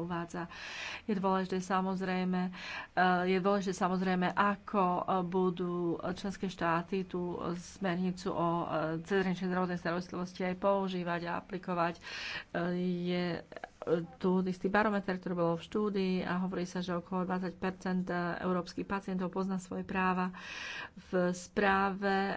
uvádza. Je dôležité samozrejme, eh, je dôležité samozrejme, ako eh, budú členské štáty tú smernicu o eh, cezhraničnej zdravotnej starostlivosti aj používať a aplikovať. Je tu istý barometer, ktorý bol v štúdii a hovorí sa, že okolo 20 e, európskych pacientov pozná svoje práva. V správe e,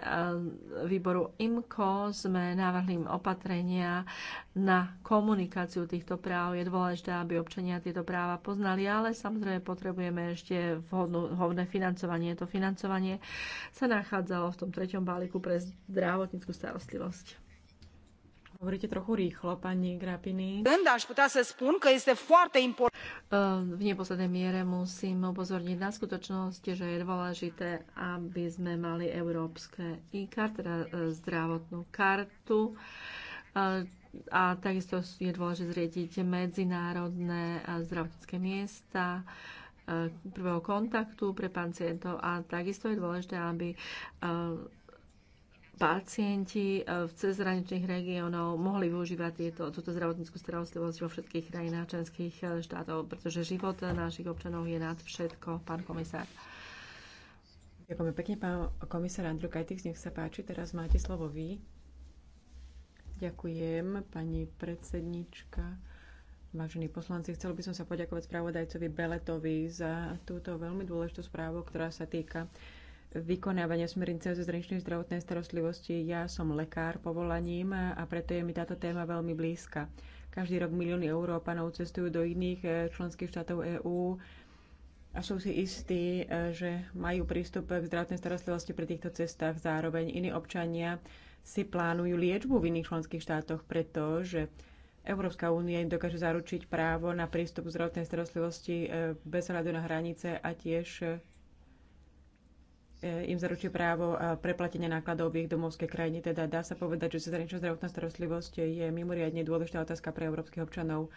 výboru IMCO sme navrhli opatrenia na komunikáciu týchto práv. Je dôležité, aby občania tieto práva poznali, ale samozrejme potrebujeme ešte vhodné financovanie. To financovanie sa nachádzalo v tom treťom balíku pre zdravotníckú starostlivosť. Hovoríte trochu rýchlo, pani Grapini. Eh, v neposlednej miere musím upozorniť na skutočnosť, že je dôležité, aby sme mali európske e-kart, teda eh, zdravotnú kartu, eh, a takisto je dôležité zriediť medzinárodné zdravotnícke miesta prvého kontaktu pre pacientov a takisto je dôležité, aby pacienti eh, v cezhraničných regiónov mohli využívať tieto, túto zdravotníckú starostlivosť vo všetkých krajinách členských eh, štátov, pretože život našich občanov je nad všetko, pán komisár. Ďakujem pekne, pán komisár Andrew Kajtix, nech sa páči, teraz máte slovo vy. Ďakujem, pani predsednička. Vážení poslanci, chcel by som sa poďakovať spravodajcovi Beletovi za túto veľmi dôležitú správu, ktorá sa týka vykonávania smernice o zahraničnej zdravotnej starostlivosti. Ja som lekár povolaním a preto je mi táto téma veľmi blízka. Každý rok milióny Európanov cestujú do iných e, členských štátov EÚ a sú si istí, e, že majú prístup k zdravotnej starostlivosti pri týchto cestách. Zároveň iní občania si plánujú liečbu v iných členských štátoch, pretože Európska únia im dokáže zaručiť právo na prístup k zdravotnej starostlivosti e, bez hľadu na hranice a tiež E, im zaručuje právo e, preplatenia nákladov v ich domovskej krajine. Teda dá sa povedať, že cezhraničná zdravotná starostlivosť je mimoriadne dôležitá otázka pre európskych občanov.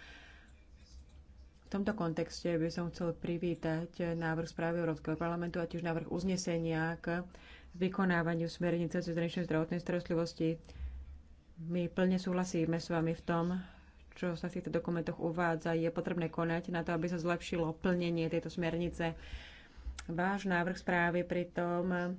V tomto kontexte by som chcel privítať návrh správy Európskeho parlamentu a tiež návrh uznesenia k vykonávaniu smernice cezhraničnej zdravotnej starostlivosti. My plne súhlasíme s vami v tom, čo sa v týchto dokumentoch uvádza. Je potrebné konať na to, aby sa zlepšilo plnenie tejto smernice. Váš návrh správy pritom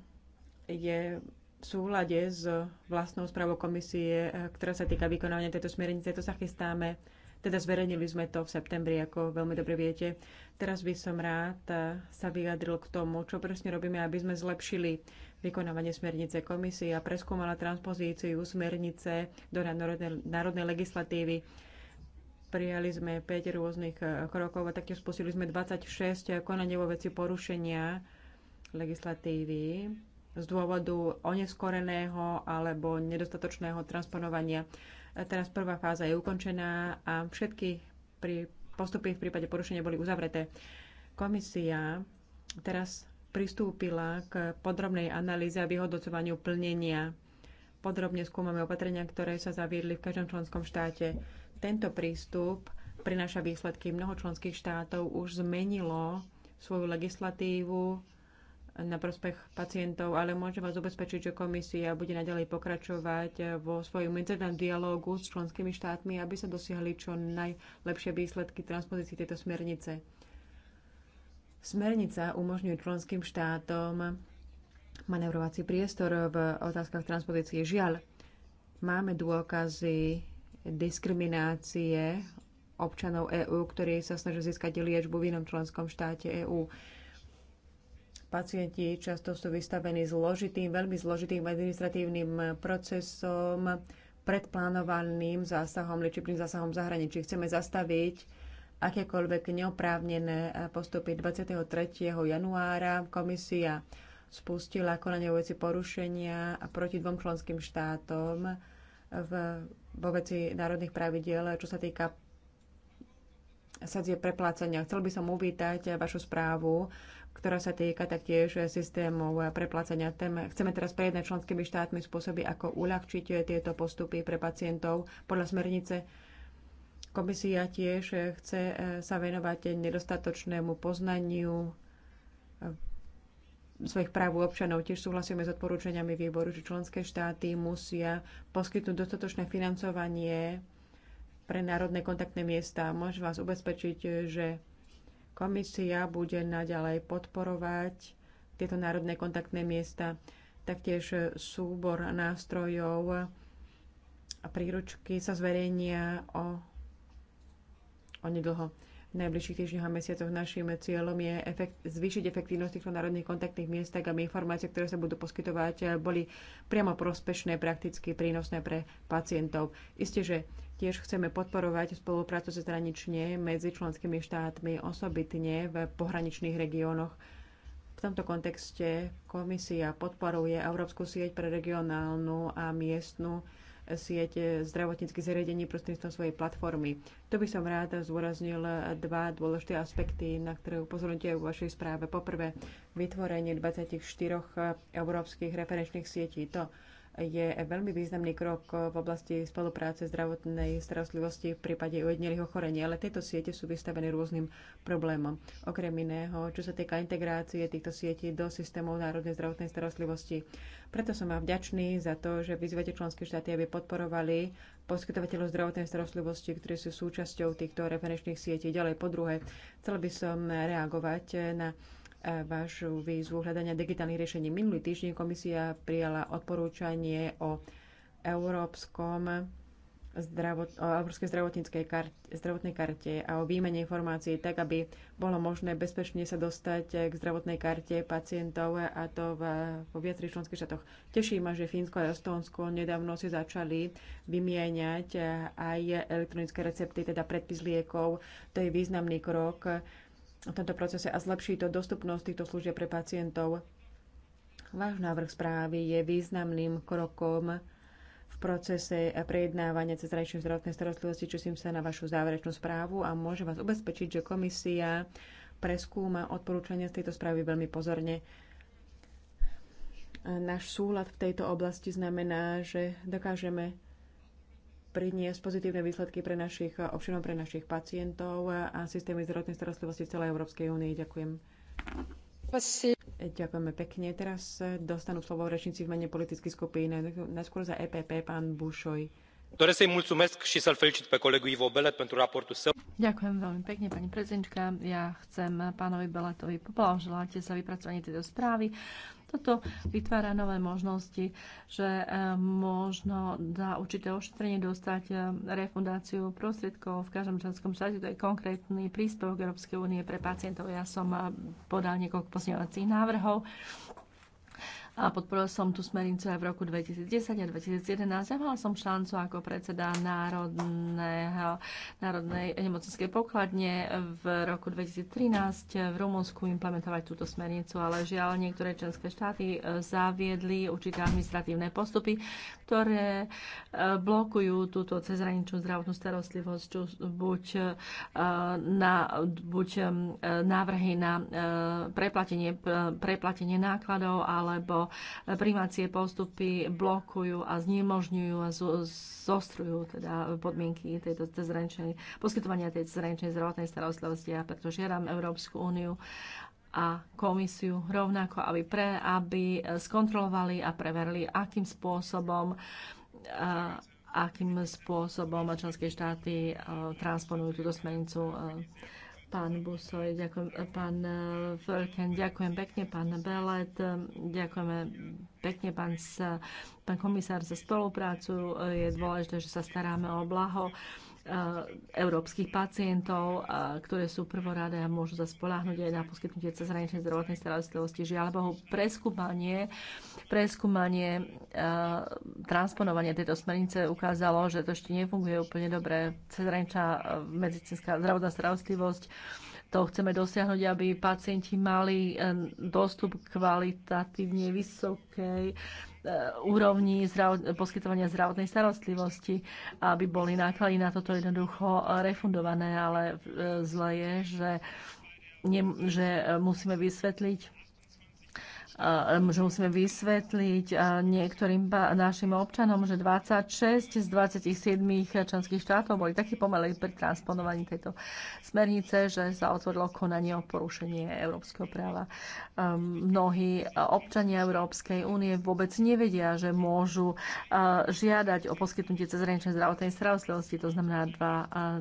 je v súlade s vlastnou správou komisie, eh, ktorá sa týka vykonávania tejto smernice. To sa chystáme, teda zverejnili sme to v septembri, ako veľmi dobre viete. Teraz by som rád eh, sa vyjadril k tomu, čo presne robíme, aby sme zlepšili vykonávanie smernice komisie a preskúmala transpozíciu smernice do národnej, národnej legislatívy Prijali sme 5 rôznych e, krokov a taktiež spustili sme 26 e, konanie vo veci porušenia legislatívy z dôvodu oneskoreného alebo nedostatočného transponovania. E, teraz prvá fáza je ukončená a všetky pri postupy v prípade porušenia boli uzavreté. Komisia teraz pristúpila k podrobnej analýze a vyhodnocovaniu plnenia. Podrobne skúmame opatrenia, ktoré sa zaviedli v každom členskom štáte. Tento prístup prináša výsledky. Mnoho členských štátov už zmenilo svoju legislatívu na prospech pacientov, ale môžem vás ubezpečiť, že komisia bude naďalej pokračovať vo svojom medzernom dialógu s členskými štátmi, aby sa dosiahli čo najlepšie výsledky transpozície tejto smernice. Smernica umožňuje členským štátom manevrovací priestor v otázkach transpozície. Žiaľ, máme dôkazy diskriminácie občanov EÚ, ktorí sa snažia získať liečbu v inom členskom štáte EÚ. Pacienti často sú vystavení zložitým, veľmi zložitým administratívnym procesom, predplánovaným zásahom, liečebným zásahom v zahraničí. Chceme zastaviť akékoľvek neoprávnené postupy. 23. januára komisia spustila konanie veci porušenia proti dvom členským štátom v vo veci národných pravidiel, čo sa týka sadzie preplácania. Chcel by som uvítať vašu správu, ktorá sa týka taktiež systémov preplácania. Chceme teraz prejednať členskými štátmi spôsoby, ako uľahčiť tieto postupy pre pacientov podľa smernice. Komisia tiež chce sa venovať nedostatočnému poznaniu svojich práv občanov. Tiež súhlasíme s odporúčaniami výboru, že členské štáty musia poskytnúť dostatočné financovanie pre národné kontaktné miesta. Môžem vás ubezpečiť, že komisia bude naďalej podporovať tieto národné kontaktné miesta, taktiež súbor nástrojov a príručky sa zverejnia o, o nedlho najbližších týždňoch a mesiacoch našim cieľom je efekt, zvýšiť efektívnosť týchto národných kontaktných miest, tak aby informácie, ktoré sa budú poskytovať, eh, boli priamo prospešné, prakticky prínosné pre pacientov. Isté, že tiež chceme podporovať spoluprácu zranične medzi členskými štátmi, osobitne v pohraničných regiónoch. V tomto kontexte komisia podporuje Európsku sieť pre regionálnu a miestnu sieť zdravotníckých zariadení prostredníctvom svojej platformy. To by som rád zdôraznil dva dôležité aspekty, na ktoré upozorňujete v vašej správe. Poprvé, vytvorenie 24 európskych referenčných sietí. To je veľmi významný krok v oblasti spolupráce zdravotnej starostlivosti v prípade ujednelých ochorení, ale tieto siete sú vystavené rôznym problémom. Okrem iného, čo sa týka integrácie týchto sietí do systémov národnej zdravotnej starostlivosti. Preto som vám vďačný za to, že vyzvete členské štáty, aby podporovali poskytovateľov zdravotnej starostlivosti, ktorí sú súčasťou týchto referenčných sietí. Ďalej, po druhé, chcel by som reagovať na vašu výzvu hľadania digitálnych riešení. Minulý týždeň komisia prijala odporúčanie o európskom zdravot, o európskej zdravotníckej karte, zdravotnej karte a o výmene informácií tak, aby bolo možné bezpečne sa dostať k zdravotnej karte pacientov a to v, vo viacerých členských štátoch. Teší ma, že Fínsko a Estónsko nedávno si začali vymieňať aj elektronické recepty, teda predpis liekov. To je významný krok v tomto procese a zlepší to dostupnosť týchto služieb pre pacientov. Váš návrh správy je významným krokom v procese prejednávania cezrajšej zdravotnej starostlivosti. Česím sa na vašu záverečnú správu a môžem vás ubezpečiť, že komisia preskúma odporúčania z tejto správy veľmi pozorne. Náš súlad v tejto oblasti znamená, že dokážeme priniesť pozitívne výsledky pre našich eh, občanov, pre našich pacientov a systémy zdravotnej starostlivosti v celej Európskej únii. Ďakujem. Ďakujeme pekne. Teraz eh, dostanú slovo rečníci v mene politických skupín. Najskôr za EPP pán Bušoj. Doresc să-i mulțumesc și să-l felicit pe colegul Ivo Belet pentru raportul său. Ďakujem veľmi pekne, pani prezidentka. Ja chcem pánovi Beletovi poblahoželať za vypracovanie tejto správy. Toto vytvára nové možnosti, že eh, možno za určité ošetrenie dostať eh, refundáciu prostriedkov v každom členskom štáte. To je konkrétny príspevok Európskej únie pre pacientov. Ja som eh, podal niekoľko posňovacích návrhov a podporila som tú smernicu aj v roku 2010 a 2011 Ja mala som šancu ako predseda Národného, Národnej nemocenskej pokladne v roku 2013 v Rumunsku implementovať túto smernicu, ale žiaľ niektoré členské štáty e, zaviedli určité administratívne postupy, ktoré e, blokujú túto cezhraničnú zdravotnú starostlivosť, čo buď, e, na, buď návrhy na preplatenie, preplatenie nákladov alebo primácie postupy blokujú a znemožňujú a zostrujú teda podmienky tejto zrenčnej, poskytovania tej zrenčnej zdravotnej starostlivosti. Ja preto žiadam Európsku úniu, a komisiu rovnako, aby, pre, aby skontrolovali a preverili, akým spôsobom akým spôsobom členské štáty eh, transponujú túto smernicu eh, pán Busoj, ďakujem, pán Völken, eh, ďakujem pekne, pán Belet, eh, ďakujeme pekne, pán, pán komisár, za spoluprácu. Eh, je dôležité, že sa staráme o blaho európskych pacientov, ktoré sú prvoradé a môžu sa spoláhnuť aj na poskytnutie cezhraničnej zdravotnej starostlivosti. Žiaľ Bohu, preskúmanie, preskúmanie transponovanie tejto smernice ukázalo, že to ešte nefunguje úplne dobre. Cezhraničná medicínska zdravotná starostlivosť to chceme dosiahnuť, aby pacienti mali e, dostup k kvalitatívne vysokej Eh, úrovni zdrav- poskytovania zdravotnej starostlivosti, aby boli náklady na toto jednoducho refundované, ale eh, zle je, že, ne, že musíme vysvetliť že musíme vysvetliť niektorým našim občanom, že 26 z 27 členských štátov boli takí pomalí pri transponovaní tejto smernice, že sa otvorilo konanie o porušenie európskeho práva. Mnohí občania Európskej únie vôbec nevedia, že môžu žiadať o poskytnutie cezhraničnej zdravotnej starostlivosti, to znamená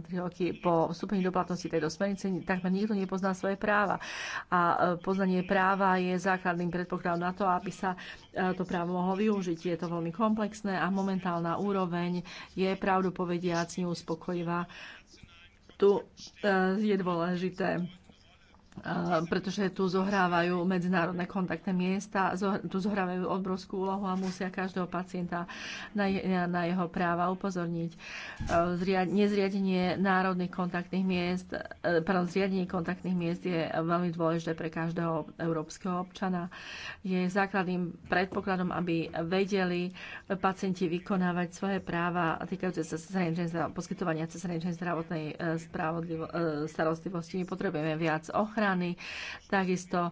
2-3 roky po vstúpení do platnosti tejto smernice, takmer nikto nepozná svoje práva. A poznanie práva je základným predpoklad na to, aby sa e, to právo mohlo využiť. Je to veľmi komplexné a momentálna úroveň je pravdu povediac neuspokojivá. Tu e, je dôležité Eh, pretože tu zohrávajú medzinárodné kontaktné miesta, tu zohrávajú obrovskú úlohu a musia každého pacienta na, na jeho práva upozorniť. Eh, nezriadenie národných kontaktných miest, eh, pardon, zriadenie kontaktných miest je veľmi dôležité pre každého európskeho občana. Je základným predpokladom, aby vedeli pacienti vykonávať svoje práva týkajúce sa poskytovania cezhraničnej zdravotnej starostlivosti. My potrebujeme viac ochrany ochrany. Takisto e,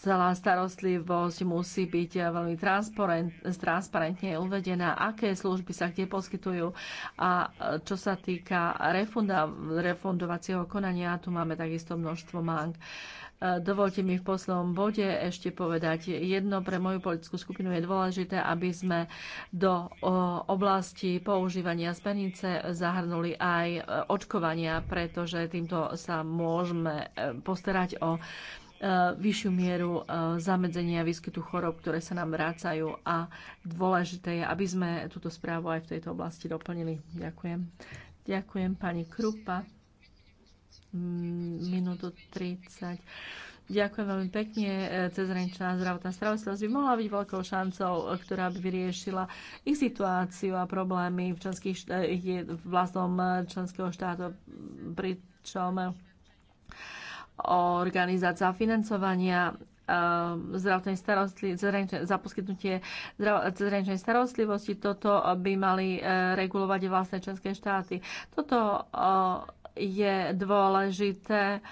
celá starostlivosť musí byť e, veľmi transparent, transparentne uvedená, aké služby sa kde poskytujú. A e, čo sa týka refunda, refundovacieho konania, tu máme takisto množstvo mank. Dovolte mi v poslednom bode ešte povedať jedno. Pre moju politickú skupinu je dôležité, aby sme do oblasti používania smernice zahrnuli aj e, očkovania, pretože týmto sa môžeme e, postarať o e, vyššiu mieru zamedzenia výskytu chorob, ktoré sa nám vrácajú a dôležité je, aby sme túto správu aj v tejto oblasti doplnili. Ďakujem. Ďakujem pani Krupa. Mm, minútu 30. Ďakujem veľmi pekne. E, Cezhraničná zdravotná starostlivosť by mohla byť veľkou šancou, e, ktorá by vyriešila ich situáciu a problémy v, členských, e, vlastnom členského štátu, pričom organizácia financovania zdravotnej starostlivosti, za poskytnutie cezhraničnej starostlivosti. Toto by mali regulovať vlastné členské štáty. Toto je dôležité eh,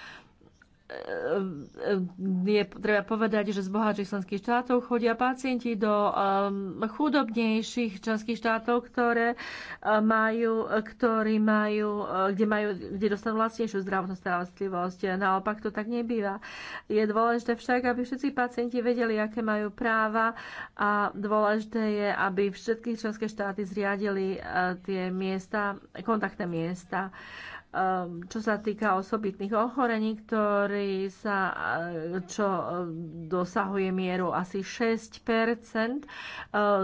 je treba povedať, že z bohatších členských štátov chodia pacienti do um, chudobnejších členských štátov, ktoré eh, majú, ktorí majú, kde, majú, kde dostanú vlastnejšiu zdravotnú starostlivosť. Naopak to tak nebýva. Je dôležité však, aby všetci pacienti vedeli, aké majú práva a dôležité je, aby všetky členské štáty zriadili tie miesta, kontaktné miesta. Uh, Ehm, čo sa týka osobitných ochorení, ktorý sa, e, čo e, dosahuje mieru asi 6 e,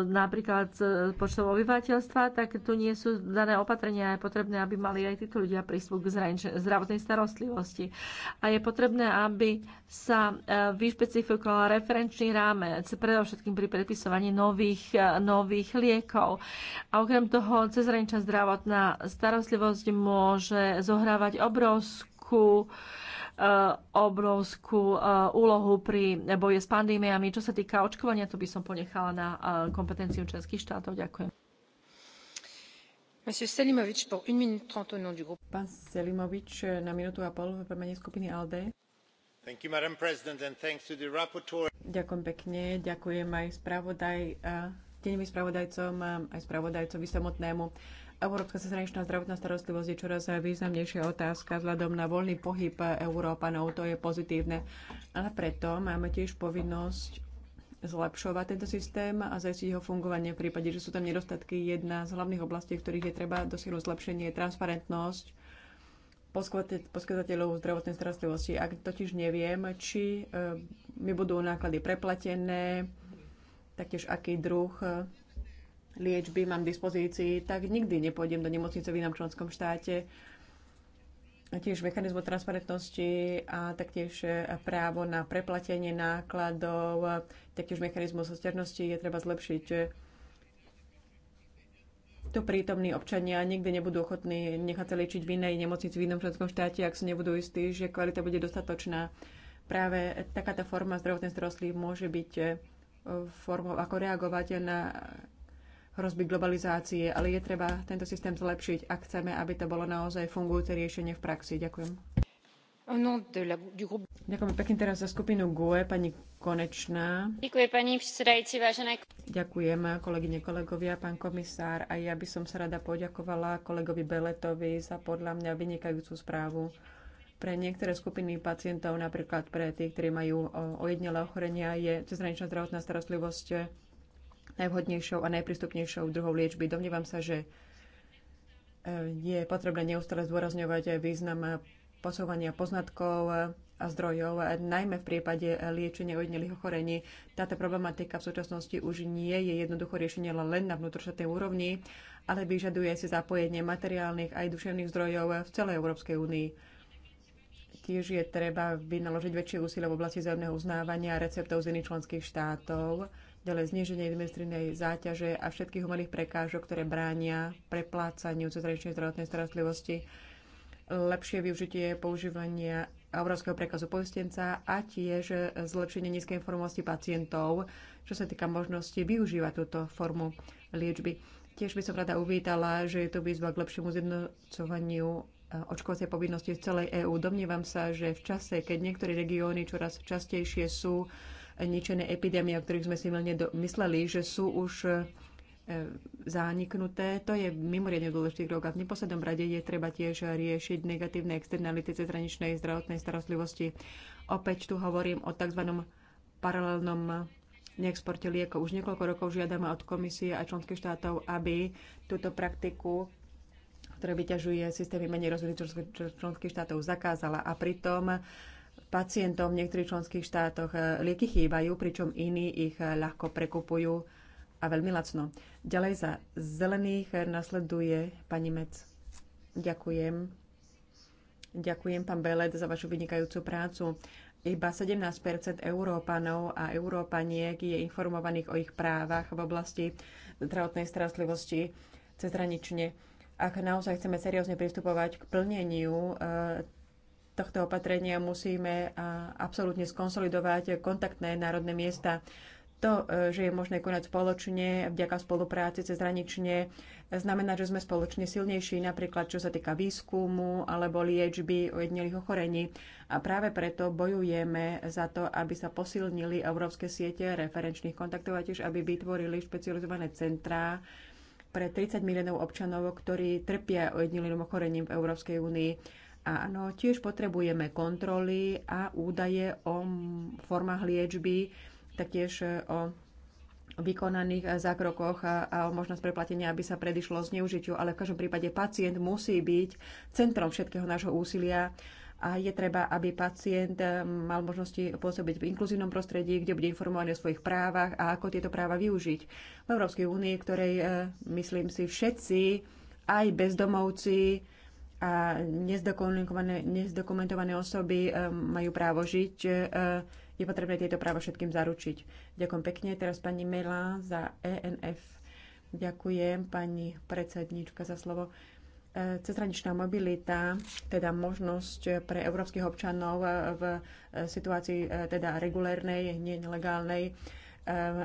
napríklad počtov obyvateľstva, tak tu nie sú dané opatrenia. Je potrebné, aby mali aj títo ľudia prístup k zdravotnej starostlivosti. A je potrebné, aby sa vyšpecifikoval referenčný rámec, predovšetkým pri predpisovaní nových, nových liekov. A okrem toho, cezhraničná zdravotná starostlivosť môže zohrávať obrovskú eh, obrovskú eh, úlohu pri boji s pandémiami. Čo sa týka očkovania, to by som ponechala na eh, kompetenciu členských štátov. Ďakujem. Pán Selimovič, na minútu a pol v mene skupiny ALDE. You, ďakujem pekne, ďakujem aj spravodaj, deňovým spravodajcom, aj spravodajcovi samotnému. Európska zahraničná zdravotná starostlivosť je čoraz významnejšia otázka vzhľadom na voľný pohyb Európanov. To je pozitívne. Ale preto máme tiež povinnosť zlepšovať tento systém a zajistiť jeho fungovanie v prípade, že sú tam nedostatky. Jedna z hlavných oblastí, v ktorých je treba dosiahnuť zlepšenie, je transparentnosť poskytateľov zdravotnej starostlivosti. Ak totiž neviem, či eh, mi budú náklady preplatené, taktiež aký druh eh, liečby mám v dispozícii, tak nikdy nepôjdem do nemocnice v inom členskom štáte. Tiež mechanizmu transparentnosti a taktiež e, právo na preplatenie nákladov, taktiež mechanizmu sosternosti je treba zlepšiť. Tu prítomní občania nikdy nebudú ochotní nechať sa liečiť v inej nemocnici v inom členskom štáte, ak si nebudú istí, že kvalita bude dostatočná. Práve takáto forma zdravotnej starostlivosti môže byť e, formou, ako reagovať na hrozby globalizácie, ale je treba tento systém zlepšiť, ak chceme, aby to bolo naozaj fungujúce riešenie v praxi. Ďakujem. Ďakujem pekne teraz za skupinu GUE, pani Konečná. Ďakujem, pani predsedajúci, vážené. Ďakujem, kolegyne, kolegovia, pán komisár. A ja by som sa rada poďakovala kolegovi Beletovi za podľa mňa vynikajúcu správu. Pre niektoré skupiny pacientov, napríklad pre tých, ktorí majú ojednelé ochorenia, je cezhraničná zdravotná starostlivosť najvhodnejšou a najprístupnejšou druhou liečby. Domnievam sa, že eh, je potrebné neustále zdôrazňovať význam posúvania poznatkov a zdrojov, najmä v prípade liečenia ojedinelých ochorení. Táto problematika v súčasnosti už nie je jednoducho riešenie len na vnútroštátnej úrovni, ale vyžaduje si zapojenie materiálnych aj duševných zdrojov v celej Európskej únii. Tiež je treba vynaložiť väčšie úsilie v oblasti zemného uznávania receptov z iných členských štátov, ďalej zníženie administratívnej záťaže a všetkých umelých prekážok, ktoré bránia preplácaniu cezhraničnej zdravotnej starostlivosti, lepšie využitie používania obrovského prekazu poistenca a tiež zlepšenie nízkej informovosti pacientov, čo sa týka možnosti využívať túto formu liečby. Tiež by som rada uvítala, že je to výzva k lepšiemu zjednocovaniu e, očkovacie povinnosti v celej EÚ. Domnievam sa, že v čase, keď niektoré regióny čoraz častejšie sú ničené epidémie, o ktorých sme si veľmi mysleli, že sú už e, zaniknuté. To je mimoriadne dôležitý krok a v neposlednom rade je treba tiež riešiť negatívne externality hraničnej zdravotnej starostlivosti. Opäť tu hovorím o tzv. paralelnom neexporte liekov. Už niekoľko rokov žiadame od komisie a členských štátov, aby túto praktiku ktoré vyťažuje systémy menej rozvinutých členských štátov, zakázala. A pritom pacientom v niektorých členských štátoch eh, lieky chýbajú, pričom iní ich eh, ľahko prekupujú a veľmi lacno. Ďalej za zelených eh, nasleduje pani Mec. Ďakujem. Ďakujem, pán Beled, za vašu vynikajúcu prácu. Iba 17 Európanov a Európaniek je informovaných o ich právach v oblasti zdravotnej starostlivosti cezhranične. Ak naozaj chceme seriózne pristupovať k plneniu tohto opatrenia musíme absolútne skonsolidovať kontaktné národné miesta. To, e, že je možné konať spoločne, vďaka spolupráci cez hranične, znamená, že sme spoločne silnejší, napríklad čo sa týka výskumu alebo liečby ojedinelých ochorení. A práve preto bojujeme za to, aby sa posilnili európske siete referenčných kontaktov a tiež, aby vytvorili špecializované centrá pre 30 miliónov občanov, ktorí trpia ojedinelým ochorením v Európskej únii Áno, tiež potrebujeme kontroly a údaje o formách liečby, taktiež e, o vykonaných e, zákrokoch a, a o možnosť preplatenia, aby sa predišlo zneužitiu, ale v každom prípade pacient musí byť centrom všetkého nášho úsilia a je treba, aby pacient e, mal možnosti pôsobiť v inkluzívnom prostredí, kde bude informovaný o svojich právach a ako tieto práva využiť. V Európskej únii, ktorej, myslím si, všetci, aj bezdomovci, a nezdokumentované, nezdokumentované osoby e, majú právo žiť. E, je potrebné tieto právo všetkým zaručiť. Ďakujem pekne. Teraz pani Mela za ENF. Ďakujem pani predsednička za slovo. E, cezhraničná mobilita, teda možnosť pre európskych občanov v situácii teda regulérnej, nelegálnej,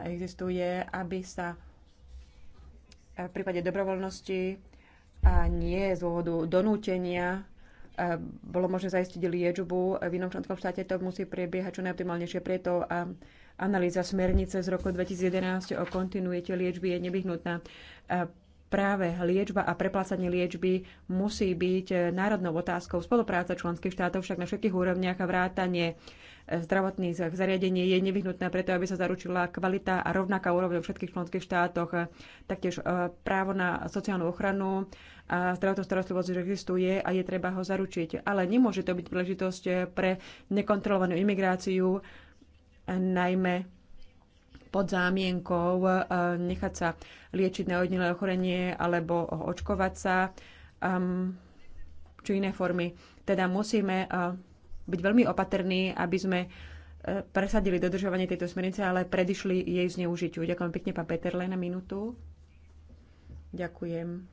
existuje, aby sa v prípade dobrovoľnosti a nie z dôvodu donútenia e, bolo možné zaistiť liečbu. V inom členskom štáte to musí prebiehať čo najoptimálnejšie, preto a analýza smernice z roku 2011 o kontinuite liečby je nevyhnutná práve liečba a preplácanie liečby musí byť národnou otázkou. Spolupráca členských štátov však na všetkých úrovniach a vrátanie e, zdravotných zariadení je nevyhnutné preto, aby sa zaručila kvalita a rovnaká úroveň v všetkých členských štátoch. E, Taktiež e, právo na sociálnu ochranu a zdravotnú starostlivosť existuje a je treba ho zaručiť. Ale nemôže to byť príležitosť pre nekontrolovanú imigráciu, najmä pod zámienkou e, nechať sa liečiť na ojedinelé ochorenie alebo očkovať sa či iné formy. Teda musíme e, byť veľmi opatrní, aby sme e, presadili dodržovanie tejto smernice, ale predišli jej zneužitiu. Ďakujem pekne, pán Peter, len na minútu. Ďakujem.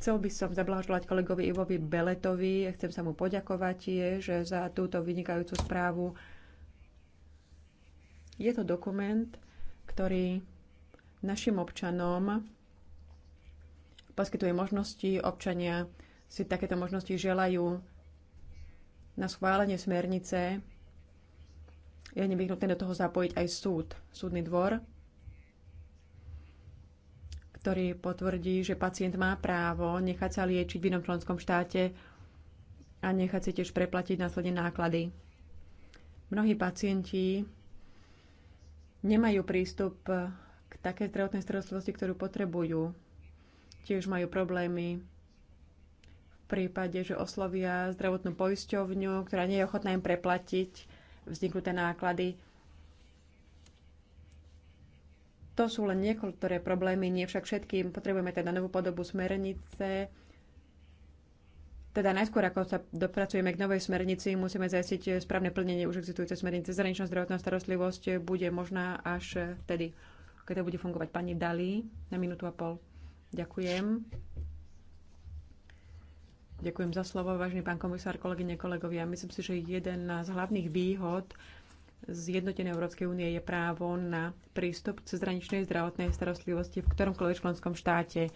Chcel by som zablahoželať kolegovi Ivovi Beletovi. Chcem sa mu poďakovať tiež za túto vynikajúcu správu. Je to dokument, ktorý našim občanom poskytuje možnosti. Občania si takéto možnosti želajú na schválenie smernice. Je nevyhnutné do toho zapojiť aj súd, súdny dvor, ktorý potvrdí, že pacient má právo nechať sa liečiť v inom členskom štáte a nechať si tiež preplatiť následne náklady. Mnohí pacienti nemajú prístup eh, k takej zdravotnej starostlivosti, ktorú potrebujú. Tiež majú problémy v prípade, že oslovia zdravotnú poisťovňu, ktorá nie je ochotná im preplatiť vzniknuté náklady. To sú len niektoré problémy, nie však všetkým. Potrebujeme teda novú podobu smernice, teda najskôr, ako sa dopracujeme k novej smernici, musíme zajistiť správne plnenie už existujúcej smernice. Zraničná zdravotná starostlivosť bude možná až vtedy, keď to bude fungovať. Pani Dali, na minútu a pol. Ďakujem. Ďakujem za slovo, vážený pán komisár, kolegyne, kolegovia. Myslím si, že jeden z hlavných výhod jednotenej Európskej únie je právo na prístup k cezhraničnej zdravotnej starostlivosti v ktoromkoľvek členskom štáte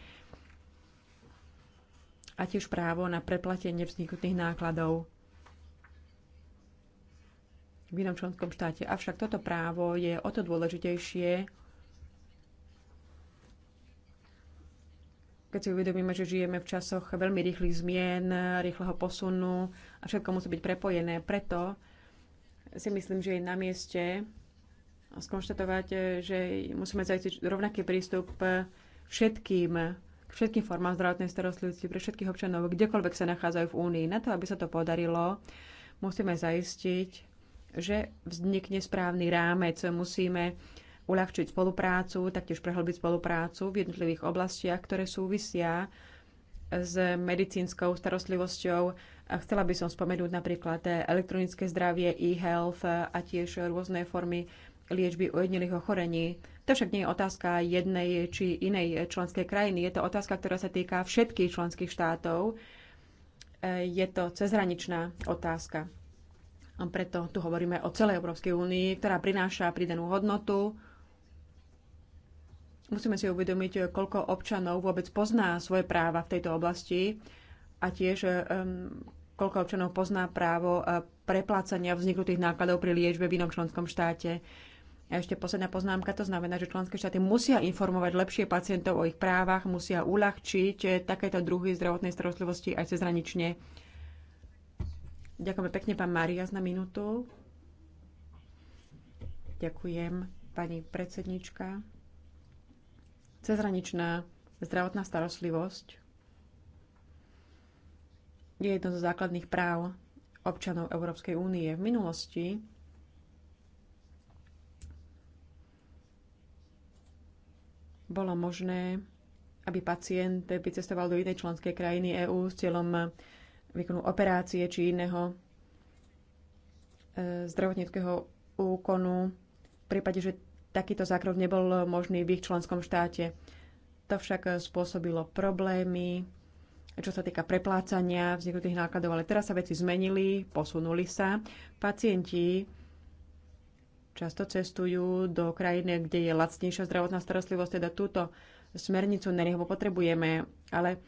a tiež právo na preplatenie vzniknutých nákladov v inom členskom štáte. Avšak toto právo je o to dôležitejšie, keď si uvedomíme, že žijeme v časoch veľmi rýchlych zmien, rýchleho posunu a všetko musí byť prepojené. Preto si myslím, že je na mieste skonštatovať, že musíme zajistiť rovnaký prístup všetkým všetkým formám zdravotnej starostlivosti pre všetkých občanov, kdekoľvek sa nachádzajú v Únii. Na to, aby sa to podarilo, musíme zaistiť, že vznikne správny rámec. Musíme uľahčiť spoluprácu, taktiež prehlbiť spoluprácu v jednotlivých oblastiach, ktoré súvisia s medicínskou starostlivosťou. Chcela by som spomenúť napríklad elektronické zdravie, e-health a tiež rôzne formy liečby ujedinelých ochorení. To však nie je otázka jednej či inej členskej krajiny. Je to otázka, ktorá sa týka všetkých členských štátov. E, je to cezhraničná otázka. A preto tu hovoríme o celej Európskej únii, ktorá prináša pridanú hodnotu. Musíme si uvedomiť, koľko občanov vôbec pozná svoje práva v tejto oblasti a tiež um, koľko občanov pozná právo e, preplácania vzniknutých nákladov pri liečbe v inom členskom štáte. A ešte posledná poznámka, to znamená, že členské štáty musia informovať lepšie pacientov o ich právach, musia uľahčiť takéto druhy zdravotnej starostlivosti aj cezhranične. Ďakujeme pekne, pán Marias, na minútu. Ďakujem, pani predsednička. Cezhraničná zdravotná starostlivosť je jedno zo základných práv občanov Európskej únie. V minulosti bolo možné, aby pacient vycestoval do inej členskej krajiny EÚ s cieľom výkonu operácie či iného e, zdravotníckého úkonu v prípade, že takýto zákrok nebol možný v ich členskom štáte. To však spôsobilo problémy, čo sa týka preplácania vzniknutých nákladov, ale teraz sa veci zmenili, posunuli sa. Pacienti často cestujú do krajín, kde je lacnejšia zdravotná starostlivosť, teda túto smernicu na neho potrebujeme. Ale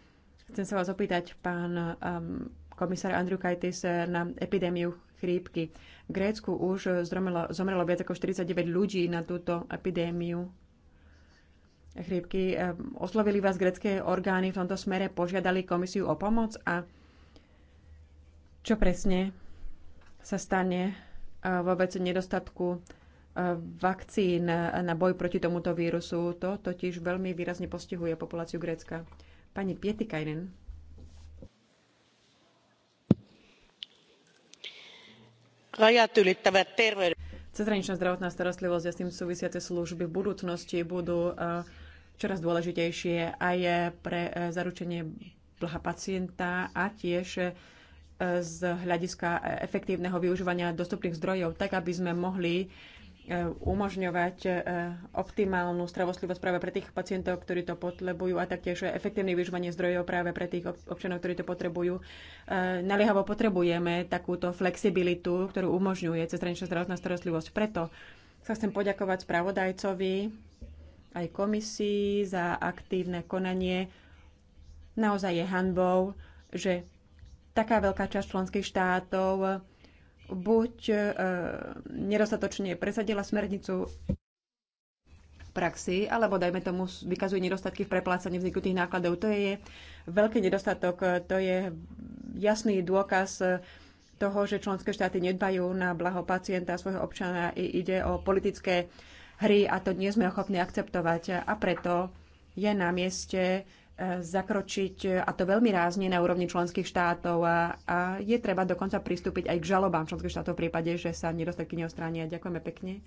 chcem sa vás opýtať, pán um, komisár Andrew Kajtis, eh, na epidémiu chrípky. V Grécku už zomrelo, zomrelo viac ako 49 ľudí na túto epidémiu chrípky. Ehm, oslovili vás grecké orgány v tomto smere, požiadali komisiu o pomoc a čo presne sa stane vo veci nedostatku e, vakcín na boj proti tomuto vírusu. To totiž veľmi výrazne postihuje populáciu Grécka. Pani Pietikainen. Rajat ylittävät terveyden... Cezhraničná zdravotná starostlivosť a s tým súvisiace služby v budúcnosti budú e, čoraz dôležitejšie aj pre e, zaručenie blaha pacienta a tiež z hľadiska efektívneho využívania dostupných zdrojov, tak aby sme mohli e, umožňovať e, optimálnu starostlivosť práve pre tých pacientov, ktorí to potrebujú a taktiež efektívne využívanie zdrojov práve pre tých občanov, ktorí to potrebujú. E, naliehavo potrebujeme takúto flexibilitu, ktorú umožňuje cestraničná zdravotná starostlivosť. Preto sa chcem poďakovať spravodajcovi aj komisii za aktívne konanie. Naozaj je hanbou, že taká veľká časť členských štátov eh, buď eh, nedostatočne presadila smernicu praxi, alebo dajme tomu vykazuje nedostatky v preplácaní vzniknutých nákladov. To je veľký nedostatok, to je jasný dôkaz eh, toho, že členské štáty nedbajú na blaho pacienta, svojho občana. I ide o politické hry a to nie sme ochopní akceptovať. A preto je na mieste zakročiť, a to veľmi rázne, na úrovni členských štátov a, a je treba dokonca pristúpiť aj k žalobám členských štátov v prípade, že sa nedostatky neostránia. Ďakujeme pekne.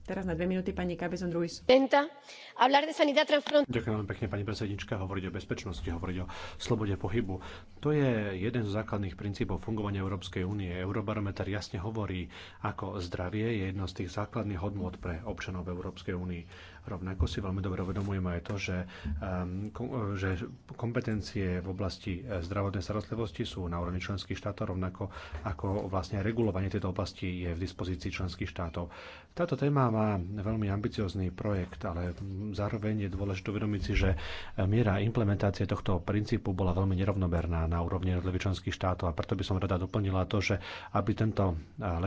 Teraz na dve minúty pani Cabezon Ruiz. Ďakujem veľmi pekne, pani predsednička, hovoriť o bezpečnosti, hovoriť o slobode pohybu. To je jeden z základných princípov fungovania Európskej únie. Eurobarometer jasne hovorí, ako zdravie je jedno z tých základných hodnot pre občanov Európskej únie Rovnako si veľmi dobre uvedomujeme aj to, že, ehm, že kompetencie v oblasti e, zdravotnej starostlivosti sú na úrovni členských štátov, rovnako ako vlastne regulovanie tejto oblasti je v dispozícii členských štátov. Táto téma má veľmi ambiciozný projekt, ale zároveň je dôležité uvedomiť si, že e, miera implementácie tohto princípu bola veľmi nerovnoberná na úrovni jednotlivých členských štátov a preto by som rada doplnila to, že aby tento e,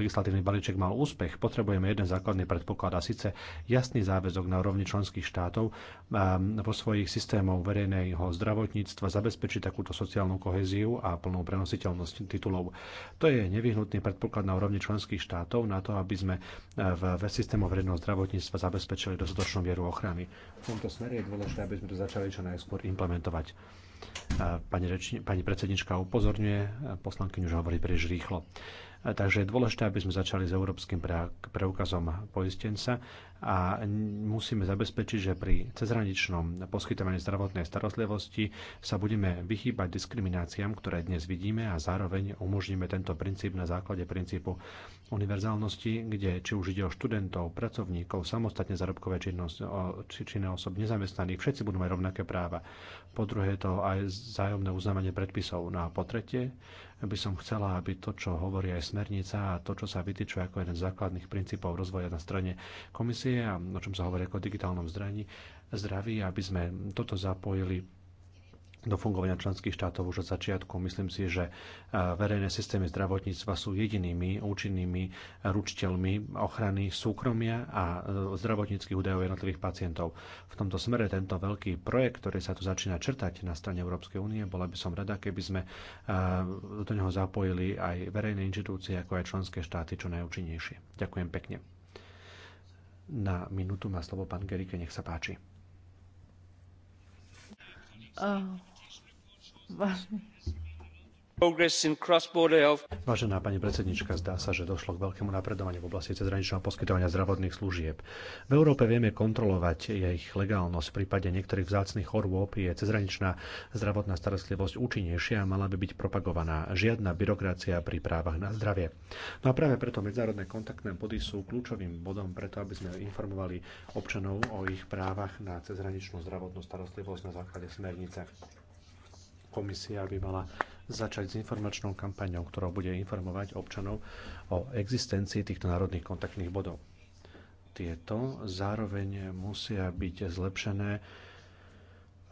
legislatívny balíček mal úspech, potrebujeme jeden základný predpoklad a síce jasný záväzok na úrovni úrovni členských štátov vo svojich systémov verejného zdravotníctva zabezpečiť takúto sociálnu koheziu a plnú prenositeľnosť titulov. To je nevyhnutný predpoklad na úrovni členských štátov na to, aby sme v systému verejného zdravotníctva zabezpečili dostatočnú vieru ochrany. V tomto smere je dôležité, aby sme to začali čo najskôr implementovať. Pani, pani predsednička upozorňuje, poslankyňu už hovorí príliš rýchlo. Takže je dôležité, aby sme začali s európskym preukazom poistenca a musíme zabezpečiť, že pri cezhraničnom poskytovaní zdravotnej starostlivosti sa budeme vychýbať diskrimináciám, ktoré dnes vidíme a zároveň umožníme tento princíp na základe princípu univerzálnosti, kde či už ide o študentov, pracovníkov, samostatne zarobkové činnosť, či činné osob, nezamestnaných, všetci budú mať rovnaké práva. Po druhé to aj zájomné uznávanie predpisov. No a po tretie, ja by som chcela, aby to, čo hovorí aj smernica a to, čo sa vytýčuje ako jeden z základných princípov rozvoja na strane komisie a o čom sa hovorí ako o digitálnom zdraní, zdraví, aby sme toto zapojili do fungovania členských štátov už od začiatku. Myslím si, že e, verejné systémy zdravotníctva sú jedinými účinnými ručiteľmi ochrany súkromia a e, zdravotníckých údajov jednotlivých pacientov. V tomto smere tento veľký projekt, ktorý sa tu začína črtať na strane Európskej únie, bola by som rada, keby sme e, do neho zapojili aj verejné inštitúcie, ako aj členské štáty čo najúčinnejšie. Ďakujem pekne. Na minútu má slovo pán Gerike, nech sa páči. Uh. Vážená pani predsednička, zdá sa, že došlo k veľkému napredovaniu v oblasti cezhraničného poskytovania zdravotných služieb. V Európe vieme kontrolovať ich legálnosť. V prípade niektorých vzácnych chorôb je cezhraničná zdravotná starostlivosť účinnejšia a mala by byť propagovaná. Žiadna byrokracia pri právach na zdravie. No a práve preto medzinárodné kontaktné body sú kľúčovým bodom preto, aby sme informovali občanov o ich právach na cezhraničnú zdravotnú starostlivosť na základe smernice komisia by mala začať s informačnou kampaňou, ktorá bude informovať občanov o existencii týchto národných kontaktných bodov. Tieto zároveň musia byť zlepšené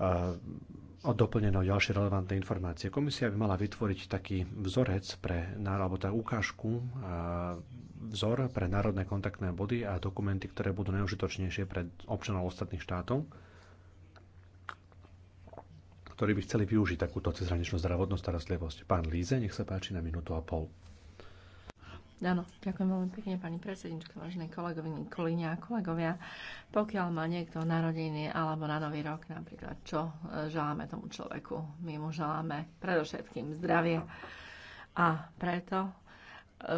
a doplnené o ďalšie relevantné informácie. Komisia by mala vytvoriť taký vzorec pre, alebo tá ukážku, vzor pre národné kontaktné body a dokumenty, ktoré budú najužitočnejšie pre občanov ostatných štátov ktorí by chceli využiť takúto cezhraničnú zdravotnú starostlivosť. Pán Líze, nech sa páči na minútu a pol. Áno, ďakujem veľmi pekne, pani predsednička, vážené kolegoviny, kolíňa a kolegovia. Pokiaľ má niekto narodiny alebo na nový rok napríklad, čo e, želáme tomu človeku? My mu želáme predovšetkým zdravie. A preto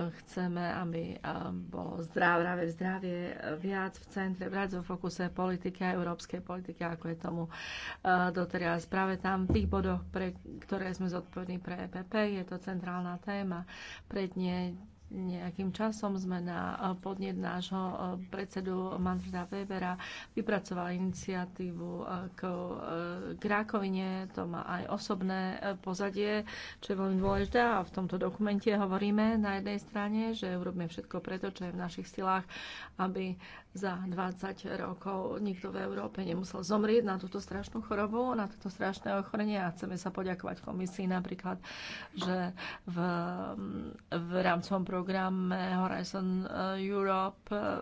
chceme, aby eh, bolo zdravé zdravie eh, viac v centre, viac vo fokuse politiky a európskej politiky, ako je tomu eh, doteraz. Práve tam v tých bodoch, pre ktoré sme zodpovední pre EPP, je to centrálna téma. nie nejakým časom sme na podnet nášho eh, predsedu Manfreda Webera vypracovali iniciatívu eh, k, eh, k rakovine. To má aj osobné pozadie, čo je veľmi dôležité. A v tomto dokumente hovoríme na jednej strane, že urobíme všetko preto, čo je v našich silách, aby za 20 rokov nikto v Európe nemusel zomrieť na túto strašnú chorobu, na toto strašné ochorenie a chceme sa poďakovať komisii napríklad, že v, v rámcovom programe Horizon Europe eh, eh,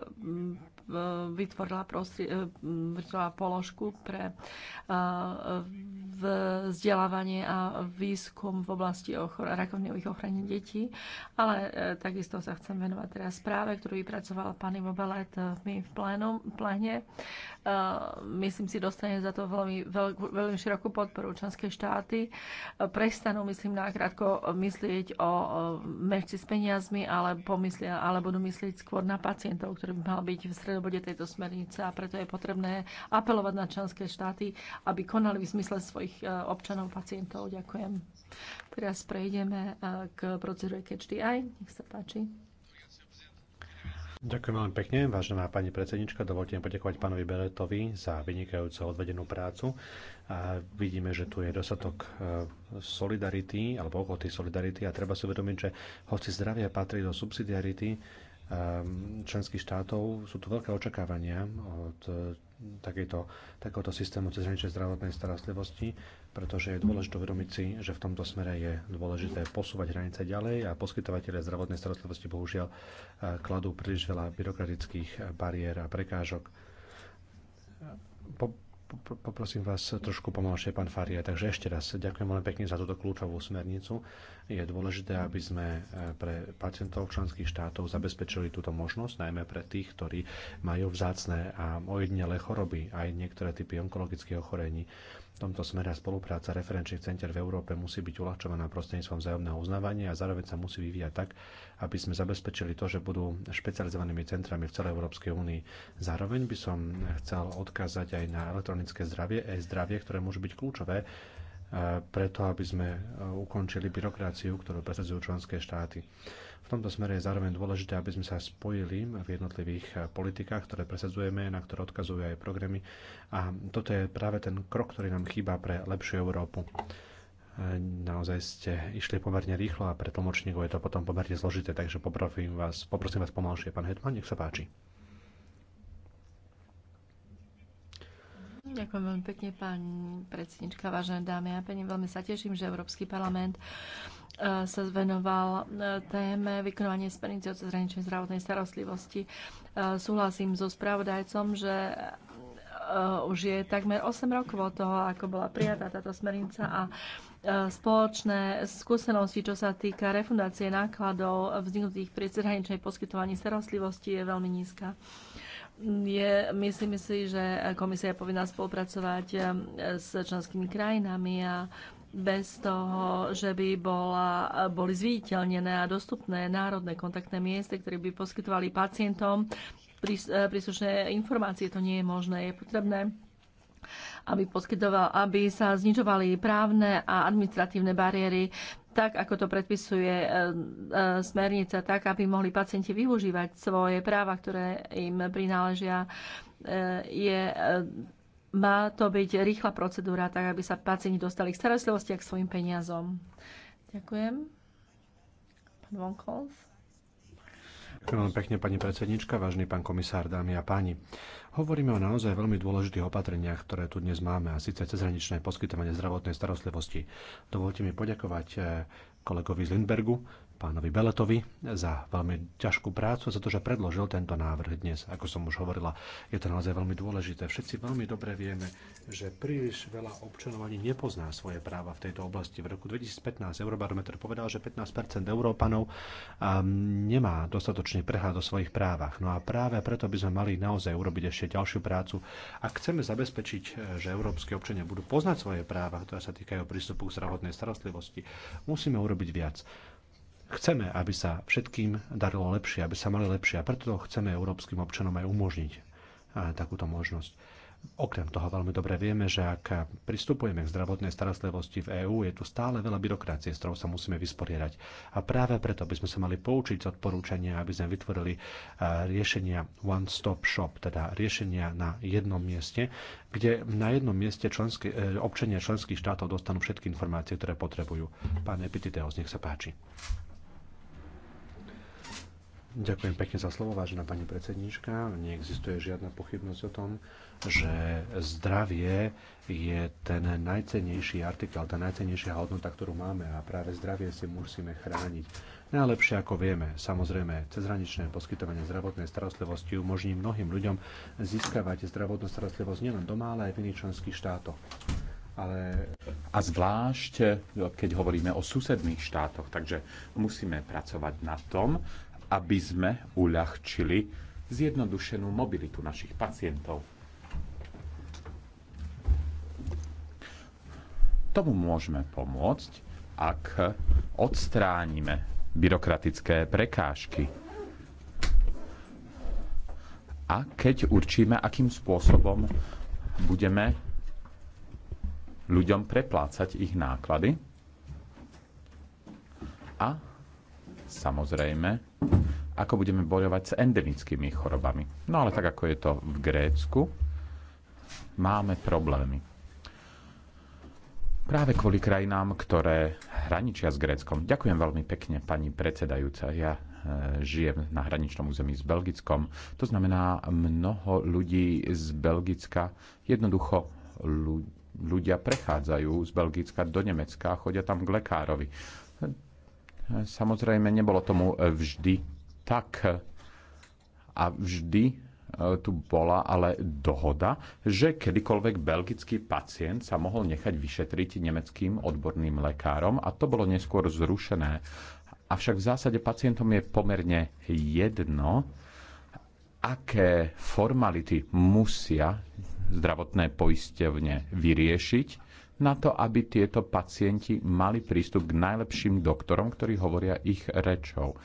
vytvorila, prostri- eh, vytvorila položku pre vzdelávanie a výskum v oblasti ochor- rakovinových ochrany detí, ale e, takisto sa chcem venovať teraz správe, ktorú vypracovala pani Bobelet my e, v plénu, pléne myslím si, dostane za to veľmi, veľkú, veľmi širokú podporu. Členské štáty e, prestanú, myslím, nákrátko myslieť o mešci s peniazmi, ale pomyslia, ale budú myslieť skôr na pacientov, ktorý by mal byť v stredobode tejto smernice a preto je potrebné apelovať na členské štáty, aby konali v zmysle svojich e, občanov, pacientov. Ďakujem. Teraz prejdeme e, k procedúre Eye. Nech sa páči. Ďakujem veľmi pekne, vážená pani predsednička. Dovolte mi poďakovať pánovi Beretovi za vynikajúco odvedenú prácu. A vidíme, že tu je dostatok e, solidarity alebo ochoty solidarity a treba si uvedomiť, že hoci zdravia patrí do subsidiarity e, členských štátov, sú tu veľké očakávania od e, takéto, takéhoto systému cezhraničnej zdravotnej starostlivosti pretože je dôležité uvedomiť si, že v tomto smere je dôležité posúvať hranice ďalej a poskytovateľe zdravotnej starostlivosti bohužiaľ e, kladú príliš veľa byrokratických e, bariér a prekážok. Po, po, poprosím vás trošku pomalšie, pán Faria. Takže ešte raz ďakujem veľmi pekne za túto kľúčovú smernicu. Je dôležité, aby sme e, pre pacientov členských štátov zabezpečili túto možnosť, najmä pre tých, ktorí majú vzácne a ojedinele choroby, aj niektoré typy onkologických ochorení tomto smere spolupráca referenčných center v Európe musí byť uľahčovaná prostredníctvom vzájomného uznávania a zároveň sa musí vyvíjať tak, aby sme zabezpečili to, že budú špecializovanými centrami v celej Európskej únii. Zároveň by som chcel odkázať aj na elektronické zdravie, e-zdravie, ktoré môže byť kľúčové e, preto, aby sme e, ukončili byrokraciu, ktorú presadzujú členské štáty. V tomto smere je zároveň dôležité, aby sme sa spojili v jednotlivých politikách, ktoré presadzujeme, na ktoré odkazujú aj programy. A toto je práve ten krok, ktorý nám chýba pre lepšiu Európu e, naozaj ste išli pomerne rýchlo a pre tlmočníkov je to potom pomerne zložité, takže poprosím vás, poprosím vás pomalšie, pán Hetman, nech sa páči. Ďakujem veľmi pekne, pani predsednička, vážené dámy a páni. Veľmi sa teším, že Európsky parlament e, sa zvenoval e, téme vykonovanie smernice o cezhraničnej zdravotnej starostlivosti. E, súhlasím so spravodajcom, že už je takmer 8 rokov od toho, ako bola prijatá táto smernica a spoločné skúsenosti, čo sa týka refundácie nákladov vzniknutých pri cezhraničnej poskytovaní starostlivosti, je veľmi nízka je, myslím si, že komisia je povinná spolupracovať eh, s členskými krajinami a bez toho, že by bola, boli zviditeľnené a dostupné národné kontaktné miesta, ktoré by poskytovali pacientom eh, príslušné informácie. To nie je možné. Je potrebné aby, poskytoval, aby sa znižovali právne a administratívne bariéry tak, ako to predpisuje e, e, smernica, tak, aby mohli pacienti využívať svoje práva, ktoré im prináležia. E, je, má to byť rýchla procedúra, tak, aby sa pacienti dostali k starostlivosti a k svojim peniazom. Ďakujem. Pán Vonkov. Ďakujem pekne, pani predsednička, vážny pán komisár, dámy a páni. Hovoríme o naozaj veľmi dôležitých opatreniach, ktoré tu dnes máme, a síce cezhraničné poskytovanie zdravotnej starostlivosti. Dovolte mi poďakovať eh, kolegovi z Lindbergu pánovi Beletovi za veľmi ťažkú prácu, za to, že predložil tento návrh dnes. Ako som už hovorila, je to naozaj veľmi dôležité. Všetci veľmi dobre vieme, že príliš veľa občanov ani nepozná svoje práva v tejto oblasti. V roku 2015 Eurobarometer povedal, že 15 Európanov um, nemá dostatočný prehľad o svojich právach. No a práve preto by sme mali naozaj urobiť ešte ďalšiu prácu. Ak chceme zabezpečiť, že európske občania budú poznať svoje práva, ktoré sa týkajú prístupu k zdravotnej starostlivosti, musíme urobiť viac. Chceme, aby sa všetkým darilo lepšie, aby sa mali lepšie a preto chceme európskym občanom aj umožniť eh, takúto možnosť. Okrem toho veľmi dobre vieme, že ak pristupujeme k zdravotnej starostlivosti v EÚ, je tu stále veľa byrokracie, s ktorou sa musíme vysporiadať. A práve preto by sme sa mali poučiť z odporúčania, aby sme vytvorili eh, riešenia one-stop shop, teda riešenia na jednom mieste, kde na jednom mieste členské, eh, občania členských štátov dostanú všetky informácie, ktoré potrebujú. Pán Epititeos, nech sa páči. Ďakujem pekne za slovo, vážená pani predsedníčka. Neexistuje žiadna pochybnosť o tom, že zdravie je ten najcennejší artikel, tá najcennejšia hodnota, ktorú máme a práve zdravie si musíme chrániť. Najlepšie ako vieme, samozrejme, cezhraničné poskytovanie zdravotnej starostlivosti umožní mnohým ľuďom získavať zdravotnú starostlivosť nielen doma, ale aj v iných členských štátoch. Ale... A zvlášť, keď hovoríme o susedných štátoch, takže musíme pracovať na tom, aby sme uľahčili zjednodušenú mobilitu našich pacientov. Tomu môžeme pomôcť, ak odstránime byrokratické prekážky. A keď určíme, akým spôsobom budeme ľuďom preplácať ich náklady. A samozrejme, ako budeme bojovať s endemickými chorobami. No ale tak, ako je to v Grécku, máme problémy. Práve kvôli krajinám, ktoré hraničia s Gréckom. Ďakujem veľmi pekne, pani predsedajúca. Ja e, žijem na hraničnom území s Belgickom. To znamená, mnoho ľudí z Belgicka jednoducho ľudia prechádzajú z Belgicka do Nemecka a chodia tam k lekárovi. E, samozrejme, nebolo tomu e, vždy tak a vždy e, tu bola ale dohoda, že kedykoľvek belgický pacient sa mohol nechať vyšetriť nemeckým odborným lekárom a to bolo neskôr zrušené. Avšak v zásade pacientom je pomerne jedno, aké formality musia zdravotné poistevne vyriešiť na to, aby tieto pacienti mali prístup k najlepším doktorom, ktorí hovoria ich rečou.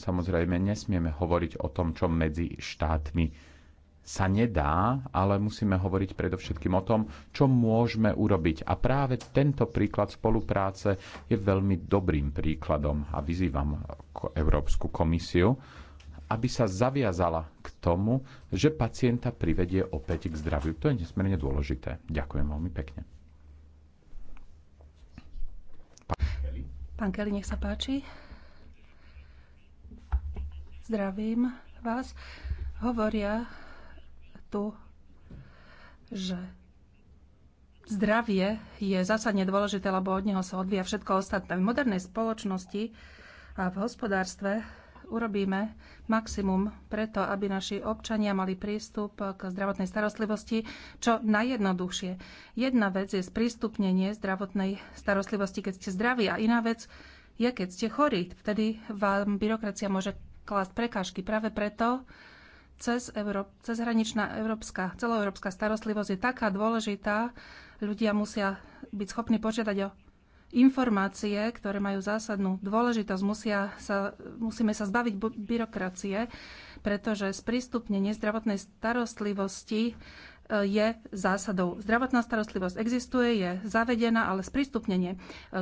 Samozrejme, nesmieme hovoriť o tom, čo medzi štátmi sa nedá, ale musíme hovoriť predovšetkým o tom, čo môžeme urobiť. A práve tento príklad spolupráce je veľmi dobrým príkladom a vyzývam Európsku komisiu, aby sa zaviazala k tomu, že pacienta privedie opäť k zdraviu. To je nesmierne dôležité. Ďakujem veľmi pekne. Pán Kelly, nech sa páči zdravím vás, hovoria tu, že zdravie je zásadne dôležité, lebo od neho sa odvíja všetko ostatné. V modernej spoločnosti a v hospodárstve urobíme maximum preto, aby naši občania mali prístup k zdravotnej starostlivosti čo najjednoduchšie. Jedna vec je sprístupnenie zdravotnej starostlivosti, keď ste zdraví, a iná vec je, keď ste chorí. Vtedy vám byrokracia môže klásť prekážky. Práve preto cez Euró- cezhraničná európska, celoeurópska starostlivosť je taká dôležitá, ľudia musia byť schopní požiadať o informácie, ktoré majú zásadnú dôležitosť. Musia sa, musíme sa zbaviť byrokracie, pretože sprístupnenie zdravotnej starostlivosti je zásadou. Zdravotná starostlivosť existuje, je zavedená, ale sprístupnenie.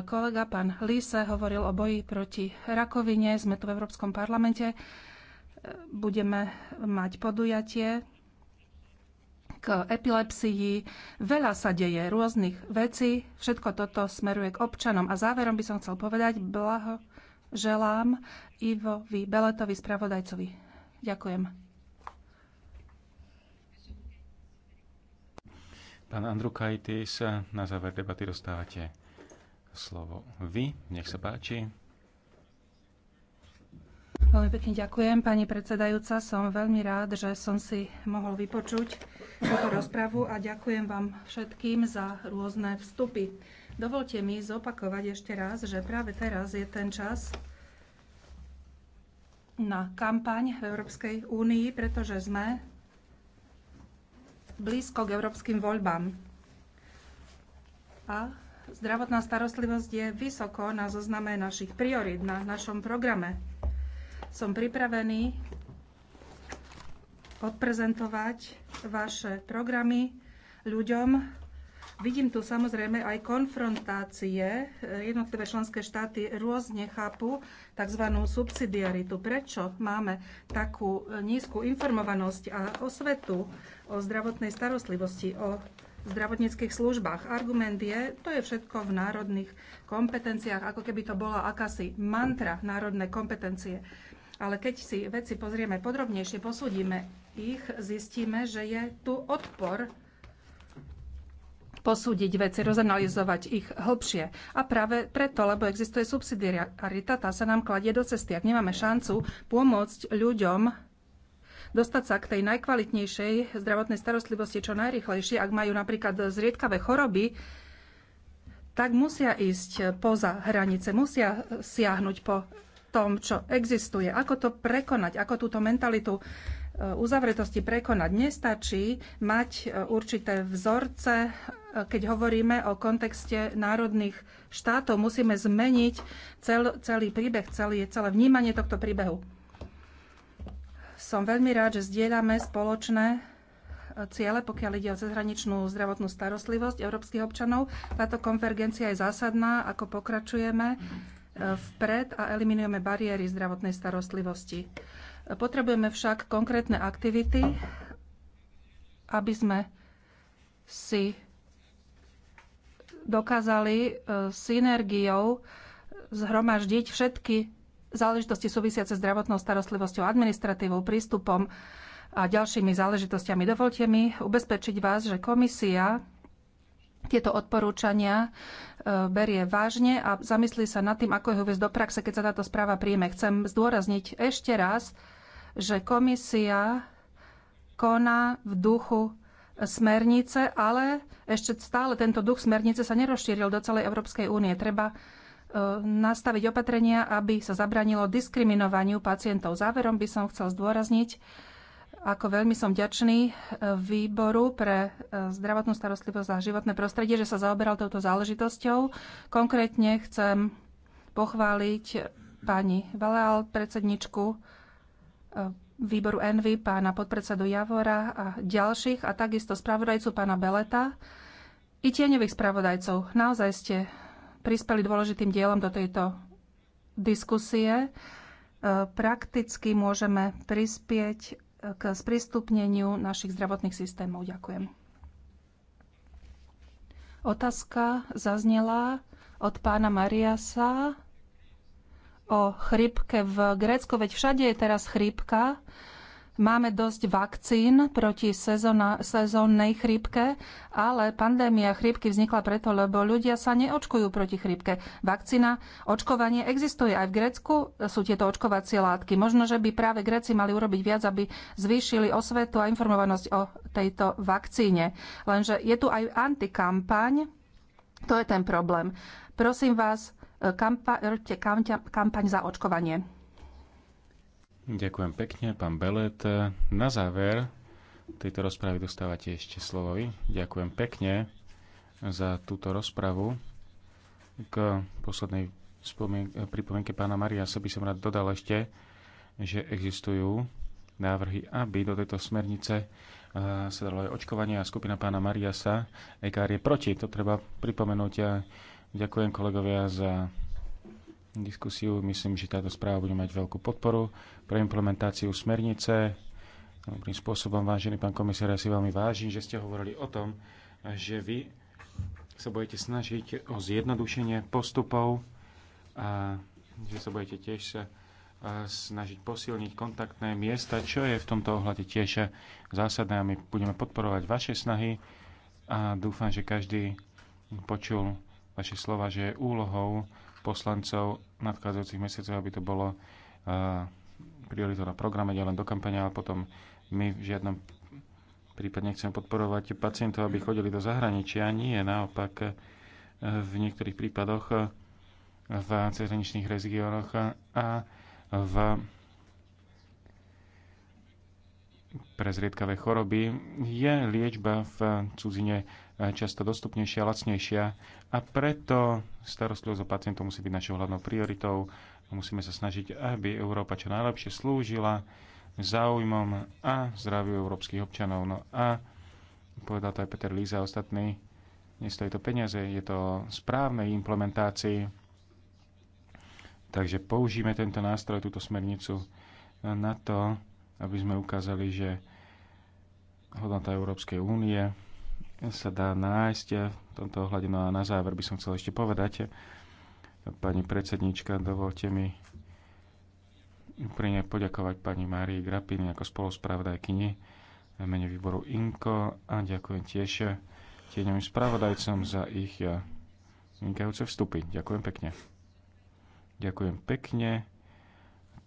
Kolega pán Líse hovoril o boji proti rakovine. Sme tu v Európskom parlamente. Budeme mať podujatie k epilepsii. Veľa sa deje rôznych vecí. Všetko toto smeruje k občanom. A záverom by som chcel povedať blaho želám Ivovi Beletovi, spravodajcovi. Ďakujem. Pán Andrukaitis, na záver debaty dostávate slovo vy. Nech sa páči. Veľmi pekne ďakujem, pani predsedajúca. Som veľmi rád, že som si mohol vypočuť túto rozpravu a ďakujem vám všetkým za rôzne vstupy. Dovolte mi zopakovať ešte raz, že práve teraz je ten čas na kampaň v Európskej únii, pretože sme blízko k európskym voľbám. A zdravotná starostlivosť je vysoko na zozname našich priorít na našom programe. Som pripravený odprezentovať vaše programy ľuďom, Vidím tu samozrejme aj konfrontácie. Jednotlivé členské štáty rôzne chápu tzv. subsidiaritu. Prečo máme takú nízku informovanosť a osvetu o zdravotnej starostlivosti, o zdravotníckých službách. Argument je, to je všetko v národných kompetenciách, ako keby to bola akási mantra národné kompetencie. Ale keď si veci pozrieme podrobnejšie, posúdime ich, zistíme, že je tu odpor posúdiť veci, rozanalizovať ich hlbšie. A práve preto, lebo existuje subsidiarita, tá sa nám kladie do cesty. Ak nemáme šancu pomôcť ľuďom dostať sa k tej najkvalitnejšej zdravotnej starostlivosti čo najrychlejšie, ak majú napríklad zriedkavé choroby, tak musia ísť poza hranice, musia siahnuť po tom, čo existuje. Ako to prekonať, ako túto mentalitu E, uzavretosti prekonať. Nestačí mať e, určité vzorce, e, keď hovoríme o kontexte národných štátov. Musíme zmeniť cel, celý príbeh, celé, celé vnímanie tohto príbehu. Som veľmi rád, že zdieľame spoločné ciele, pokiaľ ide o cezhraničnú zdravotnú starostlivosť európskych občanov. Táto konvergencia je zásadná, ako pokračujeme vpred a eliminujeme bariéry zdravotnej starostlivosti. Potrebujeme však konkrétne aktivity, aby sme si dokázali e, synergiou zhromaždiť všetky záležitosti súvisiace s zdravotnou starostlivosťou, administratívou, prístupom a ďalšími záležitostiami. Dovolte mi ubezpečiť vás, že komisia tieto odporúčania e, berie vážne a zamyslí sa nad tým, ako ich uvieť do praxe, keď sa táto správa príjme. Chcem zdôrazniť ešte raz, že komisia koná v duchu smernice, ale ešte stále tento duch smernice sa nerozšíril do celej Európskej únie. Treba e, nastaviť opatrenia, aby sa zabranilo diskriminovaniu pacientov. Záverom by som chcel zdôrazniť, ako veľmi som ďačný e, výboru pre e, zdravotnú starostlivosť a životné prostredie, že sa zaoberal touto záležitosťou. Konkrétne chcem pochváliť pani Valeal, predsedničku výboru Envy, pána podpredsedu Javora a ďalších a takisto spravodajcu pána Beleta i tieňových spravodajcov. Naozaj ste prispeli dôležitým dielom do tejto diskusie. E, prakticky môžeme prispieť k sprístupneniu našich zdravotných systémov. Ďakujem. Otázka zaznela od pána Mariasa o chrypke v Grécku, veď všade je teraz chrípka. Máme dosť vakcín proti sezona, sezónnej chrípke, ale pandémia chrypky vznikla preto, lebo ľudia sa neočkujú proti chrípke. Vakcína, očkovanie existuje aj v Grécku, sú tieto očkovacie látky. Možno, že by práve Gréci mali urobiť viac, aby zvýšili osvetu a informovanosť o tejto vakcíne. Lenže je tu aj antikampaň, to je ten problém. Prosím vás, kampa- kampaň za očkovanie. Ďakujem pekne, pán Belet. Na záver tejto rozpravy dostávate ešte slovo vy. Ďakujem pekne za túto rozpravu. K poslednej pripomienke pána Maria sa by som rád dodal ešte, že existujú návrhy, aby do tejto smernice eh, sa dalo aj očkovanie a skupina pána Mariasa Ekár je proti. To treba pripomenúť. A eh, Ďakujem kolegovia za diskusiu. Myslím, že táto správa bude mať veľkú podporu pre implementáciu smernice. Dobrým spôsobom, vážený pán komisár, ja si veľmi vážim, že ste hovorili o tom, že vy sa budete snažiť o zjednodušenie postupov a že sa budete tiež sa snažiť posilniť kontaktné miesta, čo je v tomto ohľade tiež zásadné a my budeme podporovať vaše snahy a dúfam, že každý počul vaše slova, že je úlohou poslancov nadchádzajúcich mesiacov, aby to bolo uh, prioritou na programe, nielen do kampane, ale potom my v žiadnom prípade nechceme podporovať pacientov, aby chodili do zahraničia. Nie, naopak eh, v niektorých prípadoch eh, v cezhraničných regiónoch a v pre zriedkavé choroby je liečba v cudzine často dostupnejšia, lacnejšia a preto starostlivosť o pacientov musí byť našou hlavnou prioritou. Musíme sa snažiť, aby Európa čo najlepšie slúžila záujmom a zdraviu európskych občanov. No a povedal to aj Peter Líza a ostatní, nestojí to peniaze, je to o správnej implementácii. Takže použijeme tento nástroj, túto smernicu na to, aby sme ukázali, že hodnota Európskej únie sa dá nájsť v tomto ohľade. No a na záver by som chcel ešte povedať, pani predsednička, dovolte mi úprimne poďakovať pani Márii Grapini ako spoluspravodajkyni mene výboru INKO a ďakujem tiež tieňovým spravodajcom za ich vynikajúce vstupy. Ďakujem pekne. Ďakujem pekne.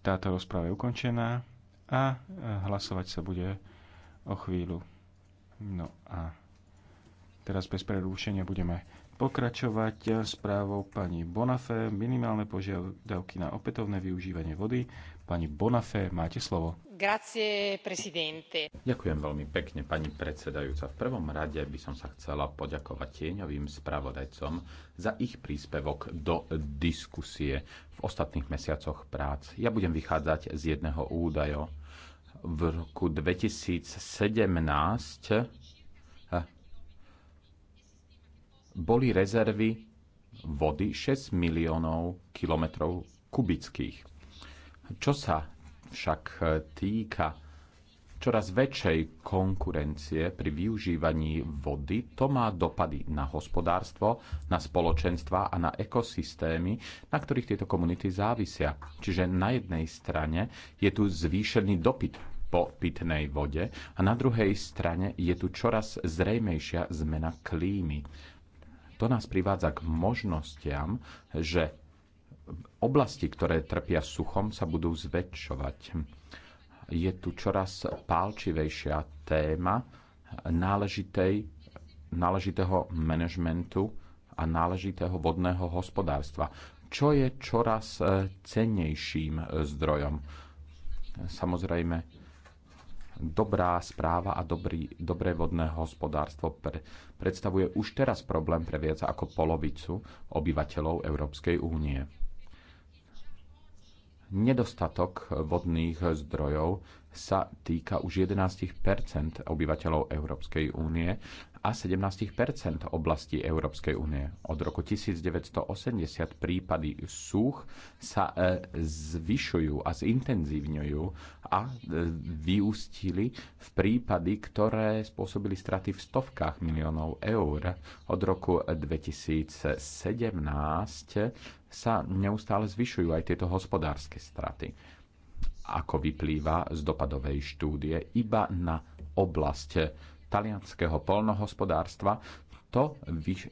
Táto rozpráva je ukončená a hlasovať sa bude o chvíľu. No a Teraz bez prerušenia budeme pokračovať správou pani Bonafé. Minimálne požiadavky na opätovné využívanie vody. Pani Bonafé, máte slovo. Grazie, presidente. Ďakujem veľmi pekne, pani predsedajúca. V prvom rade by som sa chcela poďakovať tieňovým spravodajcom za ich príspevok do diskusie v ostatných mesiacoch prác. Ja budem vychádzať z jedného údaja. V roku 2017 boli rezervy vody 6 miliónov kilometrov kubických. Čo sa však e, týka čoraz väčšej konkurencie pri využívaní vody, to má dopady na hospodárstvo, na spoločenstva a na ekosystémy, na ktorých tieto komunity závisia. Čiže na jednej strane je tu zvýšený dopyt po pitnej vode a na druhej strane je tu čoraz zrejmejšia zmena klímy to nás privádza k možnostiam, že oblasti, ktoré trpia suchom, sa budú zväčšovať. Je tu čoraz pálčivejšia téma náležitej, náležitého manažmentu a náležitého vodného hospodárstva, čo je čoraz eh, cennejším eh, zdrojom. Samozrejme, dobrá správa a dobrý, dobré vodné hospodárstvo pre, predstavuje už teraz problém pre viac ako polovicu obyvateľov Európskej únie. Nedostatok vodných zdrojov sa týka už 11 obyvateľov Európskej únie a 17 oblasti Európskej únie. Od roku 1980 prípady súch sa e, zvyšujú a zintenzívňujú a e, vyústili v prípady, ktoré spôsobili straty v stovkách miliónov eur. Od roku 2017 sa neustále zvyšujú aj tieto hospodárske straty ako vyplýva z dopadovej štúdie, iba na oblasť talianského polnohospodárstva, to, vyš, e,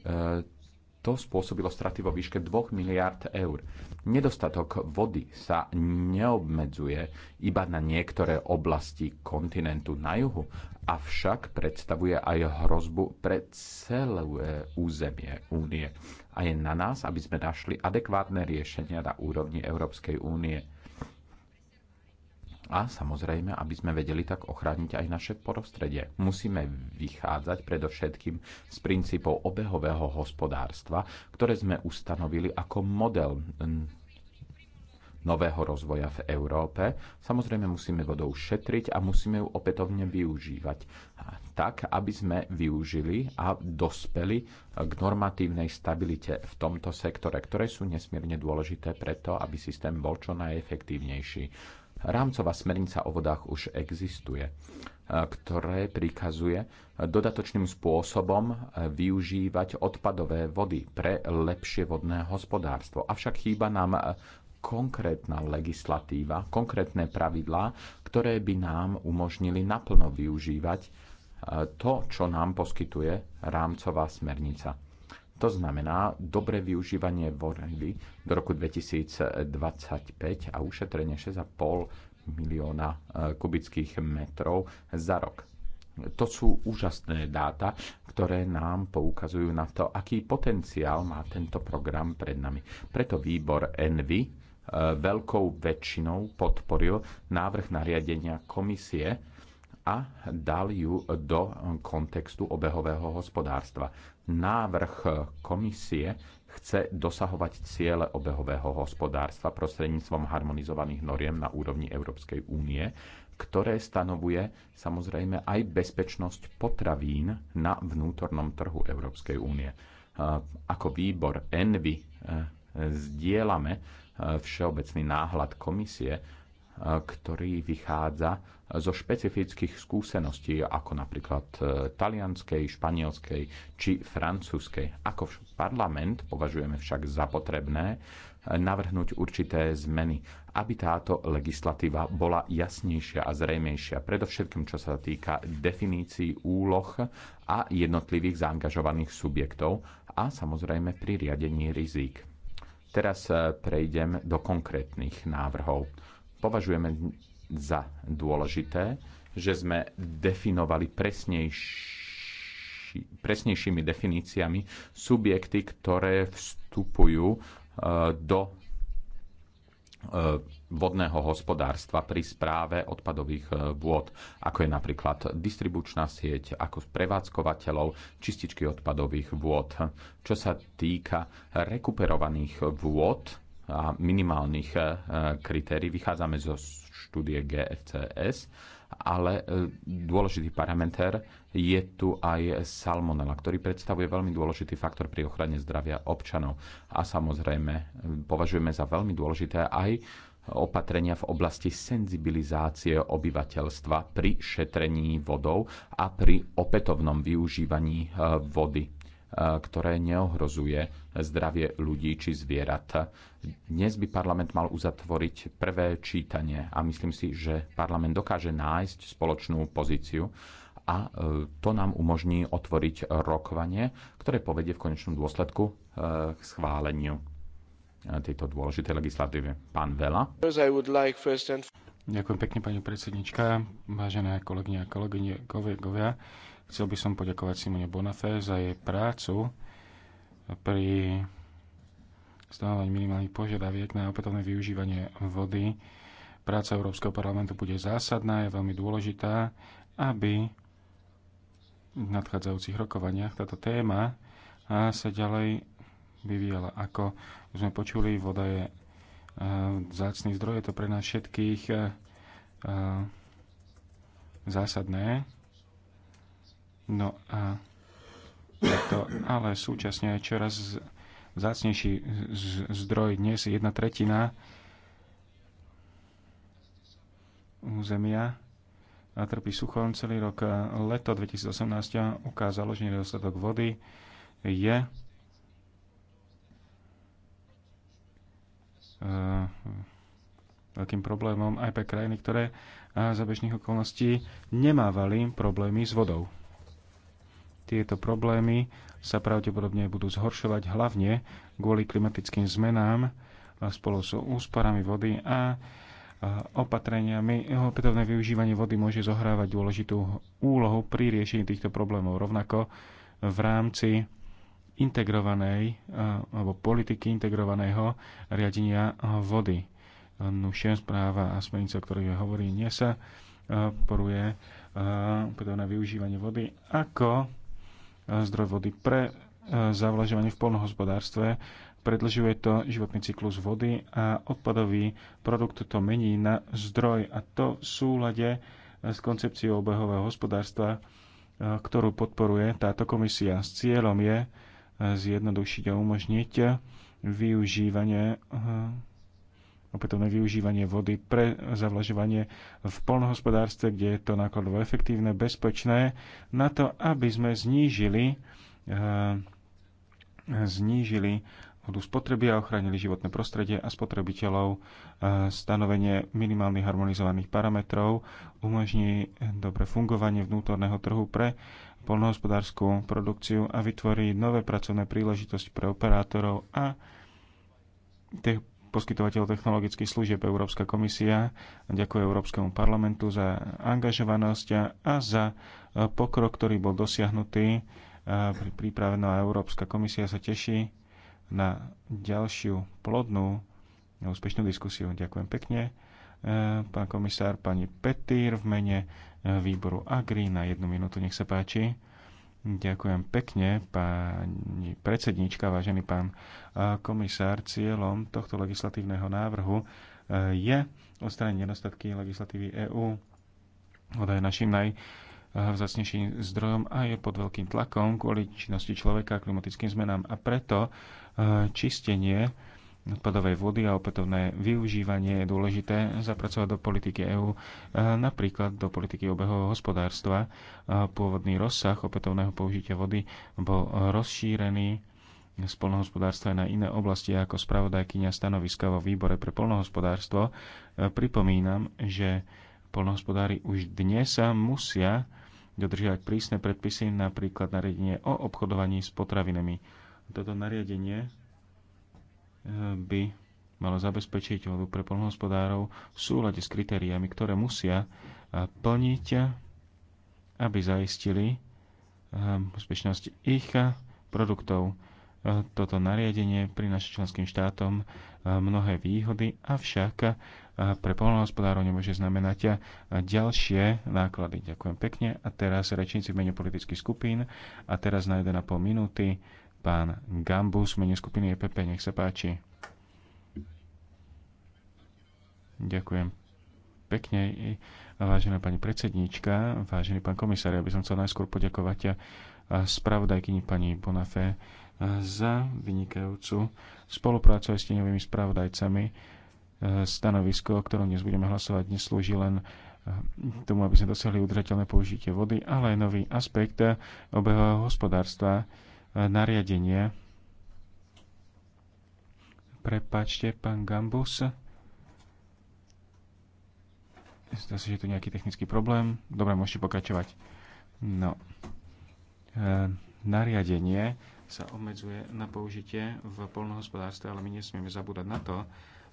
to spôsobilo straty vo výške 2 miliard eur. Nedostatok vody sa neobmedzuje iba na niektoré oblasti kontinentu na juhu, avšak predstavuje aj hrozbu pre celé územie únie. A je na nás, aby sme našli adekvátne riešenia na úrovni Európskej únie a samozrejme, aby sme vedeli tak ochrániť aj naše prostredie. Musíme vychádzať predovšetkým z princípov obehového hospodárstva, ktoré sme ustanovili ako model nového rozvoja v Európe. Samozrejme musíme vodou šetriť a musíme ju opätovne využívať tak, aby sme využili a dospeli k normatívnej stabilite v tomto sektore, ktoré sú nesmierne dôležité preto, aby systém bol čo najefektívnejší Rámcová smernica o vodách už existuje, eh, ktoré prikazuje dodatočným spôsobom eh, využívať odpadové vody pre lepšie vodné hospodárstvo. Avšak chýba nám eh, konkrétna legislatíva, konkrétne pravidlá, ktoré by nám umožnili naplno využívať to, čo nám poskytuje rámcová smernica to znamená dobre využívanie Vorely do roku 2025 a ušetrenie 6,5 milióna e, kubických metrov za rok. To sú úžasné dáta, ktoré nám poukazujú na to, aký potenciál má tento program pred nami. Preto výbor ENVY e, veľkou väčšinou podporil návrh nariadenia komisie a dali ju do kontextu obehového hospodárstva. Návrh komisie chce dosahovať ciele obehového hospodárstva prostredníctvom harmonizovaných noriem na úrovni Európskej únie, ktoré stanovuje samozrejme aj bezpečnosť potravín na vnútornom trhu Európskej únie. E, ako výbor Envy e, e, zdieľame všeobecný náhľad komisie, ktorý vychádza zo špecifických skúseností, ako napríklad e, talianskej, španielskej či francúzskej. Ako parlament považujeme však za potrebné e, navrhnúť určité zmeny, aby táto legislatíva bola jasnejšia a zrejmejšia, predovšetkým čo sa týka definícií úloh a jednotlivých zaangažovaných subjektov a samozrejme pri riadení rizík. Teraz e, prejdem do konkrétnych návrhov Považujeme za dôležité, že sme definovali presnejši, presnejšími definíciami subjekty, ktoré vstupujú e, do e, vodného hospodárstva pri správe odpadových e, vôd, ako je napríklad distribučná sieť, ako prevádzkovateľov, čističky odpadových vôd. Čo sa týka rekuperovaných vôd, a minimálnych e, kritérií. Vychádzame zo štúdie GFCS, ale e, dôležitý parameter je tu aj salmonella, ktorý predstavuje veľmi dôležitý faktor pri ochrane zdravia občanov. A samozrejme, e, považujeme za veľmi dôležité aj opatrenia v oblasti senzibilizácie obyvateľstva pri šetrení vodou a pri opätovnom využívaní vody, ktoré neohrozuje zdravie ľudí či zvierat. Dnes by parlament mal uzatvoriť prvé čítanie a myslím si, že parlament dokáže nájsť spoločnú pozíciu a e, to nám umožní otvoriť rokovanie, ktoré povedie v konečnom dôsledku e, k schváleniu e, tejto dôležitej legislatívy. Pán Vela. Ďakujem pekne, pani predsednička, vážené kolegyne a kolegyne, kolegovia. Chcel by som poďakovať Simone Bonafé za jej prácu pri stanovení minimálnych požiadaviek na opätovné využívanie vody. Práca Európskeho parlamentu bude zásadná, je veľmi dôležitá, aby v nadchádzajúcich rokovaniach táto téma sa ďalej vyvíjala. Ako sme počuli, voda je zácný zdroj, je to pre nás všetkých zásadné. No a to, ale súčasne aj čoraz vzácnejší zdroj dnes jedna tretina územia a trpí suchom celý rok. Leto 2018 ukázalo, že nedostatok vody je eh, veľkým problémom aj pre krajiny, ktoré eh, za bežných okolností nemávali problémy s vodou. Tieto problémy sa pravdepodobne budú zhoršovať hlavne kvôli klimatickým zmenám spolu s úsporami vody a opatreniami. Jeho opätovné využívanie vody môže zohrávať dôležitú úlohu pri riešení týchto problémov. Rovnako v rámci integrovanej alebo politiky integrovaného riadenia vody. Nušia správa a smernica, o ktorej hovorí, nie sa poruje opätovné využívanie vody ako zdroj vody pre e, zavlažovanie v polnohospodárstve. Predlžuje to životný cyklus vody a odpadový produkt to mení na zdroj a to v súlade e, s koncepciou obehového hospodárstva, e, ktorú podporuje táto komisia. S cieľom je zjednodušiť a umožniť využívanie opätovné využívanie vody pre zavlažovanie v polnohospodárstve, kde je to nákladovo efektívne, bezpečné, na to, aby sme znížili, eh, znížili vodu spotreby a ochránili životné prostredie a spotrebiteľov. Eh, stanovenie minimálnych harmonizovaných parametrov umožní dobre fungovanie vnútorného trhu pre polnohospodárskú produkciu a vytvorí nové pracovné príležitosti pre operátorov a poskytovateľov technologických služieb Európska komisia. Ďakujem Európskemu parlamentu za angažovanosť a za e, pokrok, ktorý bol dosiahnutý e, pri príprave. No a Európska komisia sa teší na ďalšiu plodnú a úspešnú diskusiu. Ďakujem pekne. E, pán komisár, pani Petýr v mene výboru Agri na jednu minútu, nech sa páči. Ďakujem pekne, pani predsedníčka, vážený pán komisár. Cieľom tohto legislatívneho návrhu e, je odstrániť nedostatky legislatívy EÚ. Voda je našim najvzácnejším zdrojom a je pod veľkým tlakom kvôli činnosti človeka klimatickým zmenám. A preto e, čistenie odpadovej vody a opätovné využívanie je dôležité zapracovať do politiky EÚ, e, napríklad do politiky obehového hospodárstva. E, pôvodný rozsah opätovného použitia vody bol rozšírený z polnohospodárstva na iné oblasti ako spravodajkynia stanoviska vo výbore pre polnohospodárstvo. E, pripomínam, že polnohospodári už dnes sa musia dodržiavať prísne predpisy, napríklad nariadenie o obchodovaní s potravinami. Toto nariadenie by malo zabezpečiť vodu pre polnohospodárov v súlade s kritériami, ktoré musia plniť, aby zaistili bezpečnosť ich produktov. Toto nariadenie prináša členským štátom mnohé výhody, avšak pre polnohospodárov nemôže znamenať ďalšie náklady. Ďakujem pekne. A teraz rečníci v mene politických skupín. A teraz na 1,5 minúty Pán Gambus, mene skupiny EPP, nech sa páči. Ďakujem pekne. Vážená pani predsedníčka, vážený pán komisár, ja by som chcel najskôr poďakovať spravodajkyni pani Bonafé za vynikajúcu spoluprácu s tieňovými spravodajcami. Stanovisko, o ktorom dnes budeme hlasovať, dnes slúži len tomu, aby sme dosiahli udržateľné použitie vody, ale aj nový aspekt obehového hospodárstva. Eh, nariadenie. Prepačte, pán Gambus. Zdá sa, že je tu nejaký technický problém. Dobre, môžete pokračovať. No. E, nariadenie sa obmedzuje na použitie v polnohospodárstve, ale my nesmieme zabúdať na to,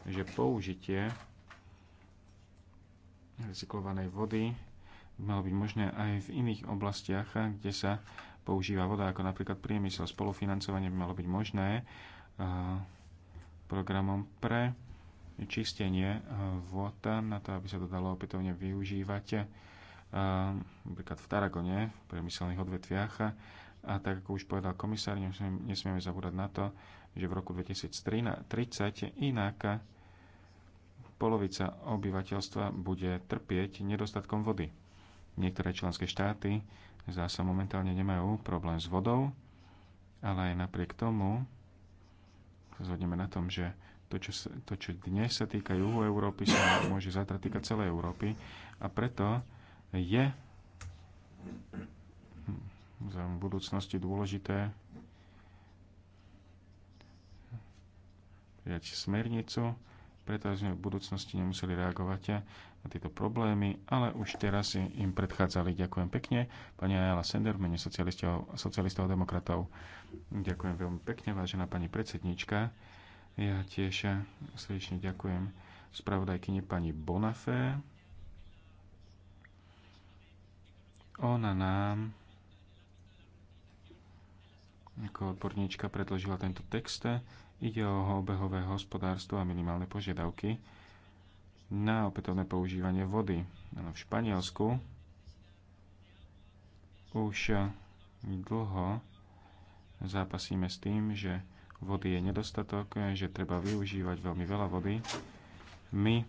že použitie recyklovanej vody malo byť možné aj v iných oblastiach, kde sa používa voda, ako napríklad priemysel. Spolufinancovanie by malo byť možné eh, programom pre čistenie eh, vôd na to, aby sa to dalo opätovne využívať eh, napríklad v Taragone, v priemyselných odvetviach. A tak, ako už povedal komisár, nesmieme zabúdať na to, že v roku 2030 inak polovica obyvateľstva bude trpieť nedostatkom vody. Niektoré členské štáty zase momentálne nemajú problém s vodou, ale aj napriek tomu sa zhodneme na tom, že to čo, sa, to, čo dnes sa týka juhu Európy, sa môže zatrať týkať celej Európy a preto je v budúcnosti dôležité prijať smernicu, preto sme v budúcnosti nemuseli reagovať tieto problémy, ale už teraz si im predchádzali. Ďakujem pekne. Pani Ajala Sender v mene socialistov, socialistov a demokratov. Ďakujem veľmi pekne, vážená pani predsednička. Ja tiež srdečne ďakujem spravodajkyni pani Bonafé. Ona nám ako odborníčka predložila tento text. Ide o obehové hospodárstvo a minimálne požiadavky na opätovné používanie vody. v Španielsku už dlho zápasíme s tým, že vody je nedostatok, že treba využívať veľmi veľa vody. My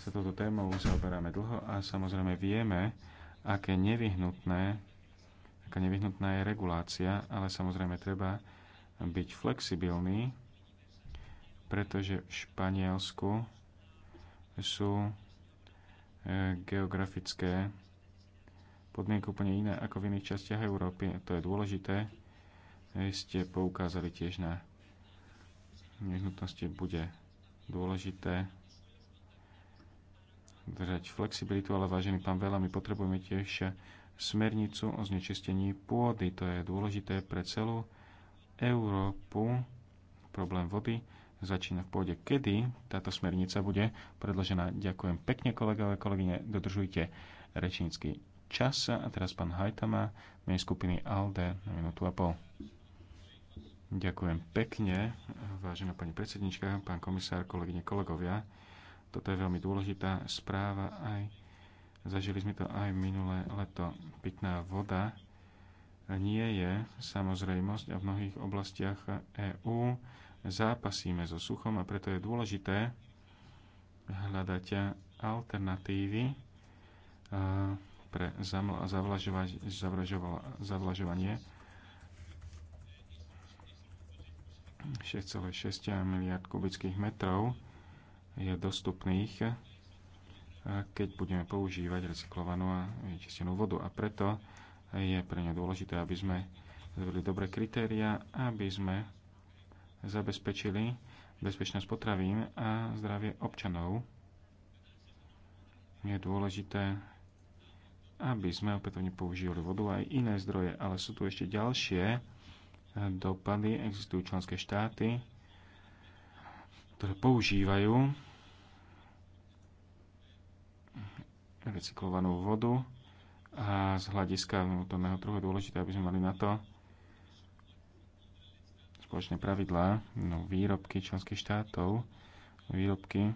sa toto témou zaoberáme dlho a samozrejme vieme, aké nevyhnutné, aká nevyhnutná je regulácia, ale samozrejme treba byť flexibilný pretože v Španielsku sú e, geografické podmienky úplne iné ako v iných častiach Európy. To je dôležité. E, ste poukázali tiež na nehnutnosti bude dôležité držať flexibilitu, ale vážený pán Vela, my potrebujeme tiež smernicu o znečistení pôdy. To je dôležité pre celú Európu, problém vody začína v pôde, kedy táto smernica bude predložená. Ďakujem pekne, kolegové, kolegyne, dodržujte rečnícky čas. A teraz pán Hajtama, menej skupiny ALDE na minútu a pol. Ďakujem pekne, vážená pani predsednička, pán komisár, kolegyne, kolegovia. Toto je veľmi dôležitá správa aj Zažili sme to aj minulé leto. Pitná voda nie je samozrejmosť a v mnohých oblastiach EÚ zápasíme so suchom a preto je dôležité hľadať alternatívy pre zavlažovanie 6,6 miliard kubických metrov je dostupných, keď budeme používať recyklovanú a vyčistenú vodu. A preto je pre ňa dôležité, aby sme zvedli dobré kritéria, aby sme zabezpečili bezpečnosť potravín a zdravie občanov. Je dôležité, aby sme opätovne používali vodu aj iné zdroje, ale sú tu ešte ďalšie dopady. Existujú členské štáty, ktoré používajú recyklovanú vodu a z hľadiska vnútorného trhu je dôležité, aby sme mali na to spoločné pravidlá, no, výrobky členských štátov, výrobky,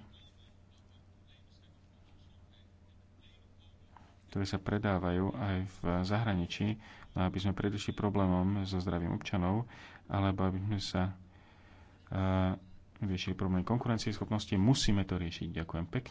ktoré sa predávajú aj v zahraničí, no, aby sme predišli problémom so zdravím občanov, alebo aby sme sa uh, eh, riešili problém konkurencie schopnosti, musíme to riešiť. Ďakujem pekne.